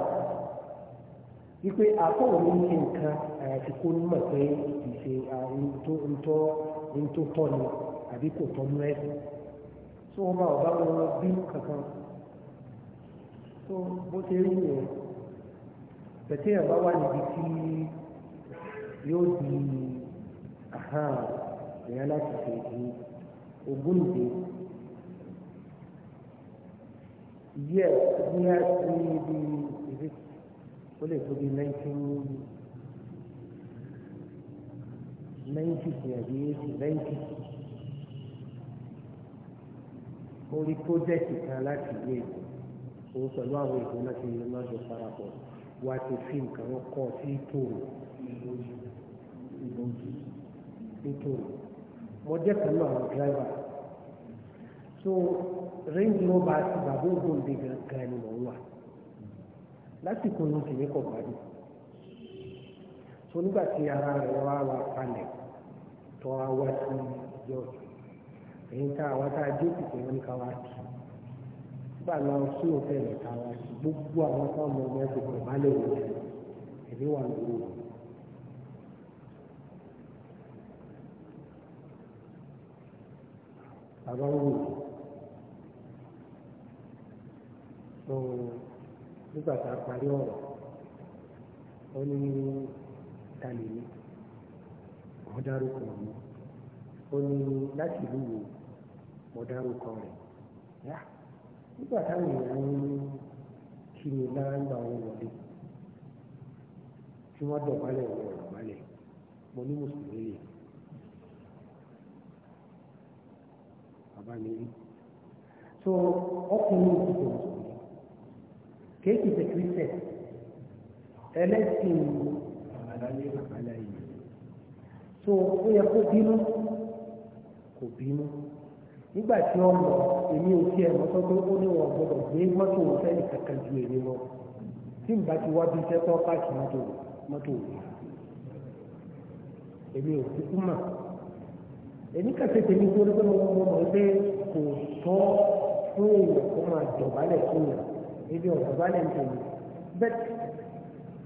wípé àtọ̀wọ̀ ní ṣe nǹkan àyàfi kó nímọ̀ pé ìṣe ntó tọ́ ni àbí kò tọ́ nú ẹ̀sìn tí wọ́n bá ọ̀bá wọn bínú kankan tó bó ṣe rí rẹ̀ tẹ̀tí ẹ̀ wà níbi tí yóò di àhán ẹ̀yà láti ṣe ìdí ogún ìdè díẹ̀ ní àti ibi ìdí ó lè tóbi nineteen ninety àbí eighty ninety orí pọ́jẹ́tì kan láti ilé ìgbà òun pẹ̀lú àwọn ìgbà náà ti máa ń jọ parapọ̀ wá ti fíìmù kan wọ́n kọ́ sí tòrò ìtòrò mo jẹ́ pẹ̀lú àwọn dírẹ́fà so range rover àti bàbá ògbóǹde gan ni mò ń wà lásìkò yìí sì ní kò gbádùn so nígbà tí ara rẹ̀ wá wá palẹ̀ tó wá wá sí ìjọ èyí tá àwa tá a dé òkùnkùn wọn ní ká wá kí nígbà náà sí òfin rẹ̀ ká wá kí gbogbo àwọn tó ọmọ ọmọ ẹgbẹ́ kò bá lè wò ó ẹ̀mí wà lóru rẹ̀. tó nígbà tá a parí ọ̀rọ̀ ó ní tàlẹ́ mi wọ́n dárúkọ mi ó ní láti ìlú wo mo dárúkọ rẹ̀ yá nígbà táwọn èèyàn ń kí mi lára ń gba wọn wọlé tí wọ́n dọ̀bálẹ̀ wọ ọ̀dọ̀bálẹ̀ mo ní mùsùlùmí lè bàbá mi rí so ọkùnrin òkùnkùn kéèkì ṣe kírísẹ̀ ẹlẹ́sìn àlàyé so ó yẹ kó bínú kò bínú nígbà tí ó lọ èmi ò tiẹ̀ mọ́tò tó ó ní wọn gbọdọ̀ gbé mọ́tò wọn fẹ́ẹ́ kankan ju èmi lọ tí n bá ti wá bí iṣẹ́ tó pàṣẹ mọ́tò mọ́tò òní èmi ò kúkú mà èmi kàṣẹ tèmi tó ní pé mo mọ̀ pé kò tọ́ fún èèyàn kó máa dọ̀bálẹ̀ fún yàn Maybe ebi ọ̀rọ̀ balance ni but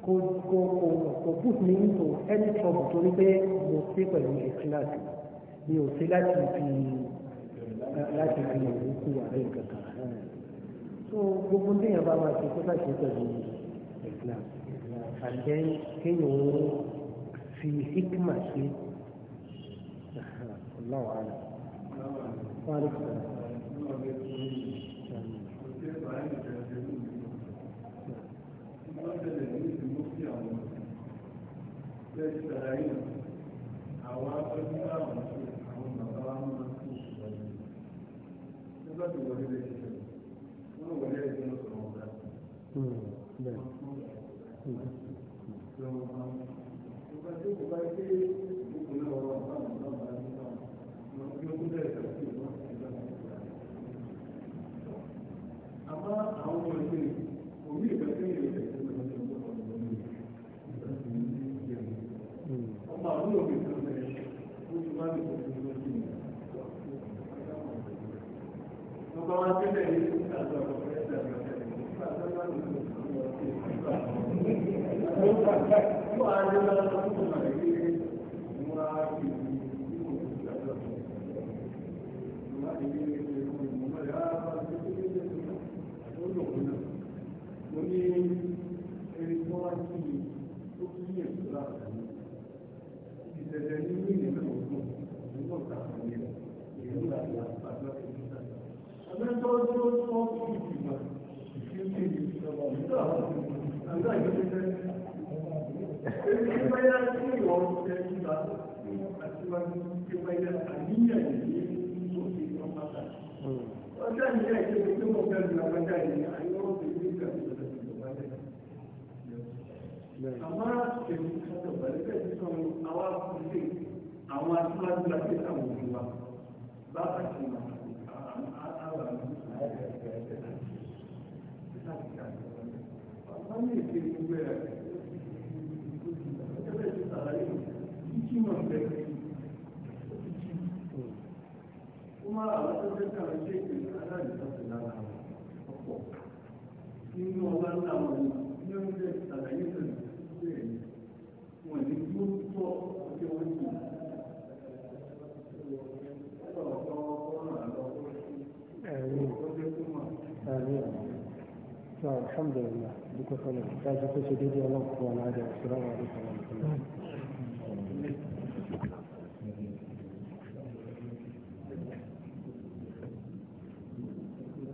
kò go kò kò put me into any trouble torí Most people in pẹ̀lú ìkíláàsì mi ò ṣe láti fi láti fi ìlú kú àárẹ̀ kankan so gbogbo téèyàn bá máa ṣe kó bá ṣe pẹ̀lú ìkíláàsì and then kéèyàn ó fi hikma ṣe ọlọ́wọ́ àná. Wa alaikum salaam. tẹ́sí sàlàyé àwọn akọ́jú àwọn àti àwọn bàbá wa máa ń kú ìṣòwò nígbà tó wọlé lè ṣe wọn wọlé lè ṣe lọ́sọ̀rọ̀ ọ̀gá. Hmm, ìgbà hmm. tí kò bá ṣe ìgbókòó náà wà bá àwọn bàbá wa nípa wọn kí ó kú bẹ̀rẹ̀ sọ̀rọ̀ sí ìwọ́n àti ìgbà tó wà. Àmọ́ àwọn ọmọ ìgbèrè àmọ́ èmi sọ̀rọ̀ pẹ̀lú pẹ̀lú sọ̀rọ̀ àwọn akọ̀ọ̀lẹ̀ àwọn aṣáájú àti àwọn òbí wa bàbá ti mọ̀ àwọn àwọn àwọn àwọn súnmọ́ àwọn tó fẹ́ kàwé ṣe ìpè aláìsọ̀tò lára ọ̀pọ̀ nínú ọba ńlá wọn ní oúnjẹ àlàyé pẹ̀lú bẹ́ẹ̀ ni wọ́n ní tó tọ́ ọjọ́ orí الحمد لله بكل خير. لا تقصد الله سبحانه وتعالى. السلام عليكم ورحمة الله.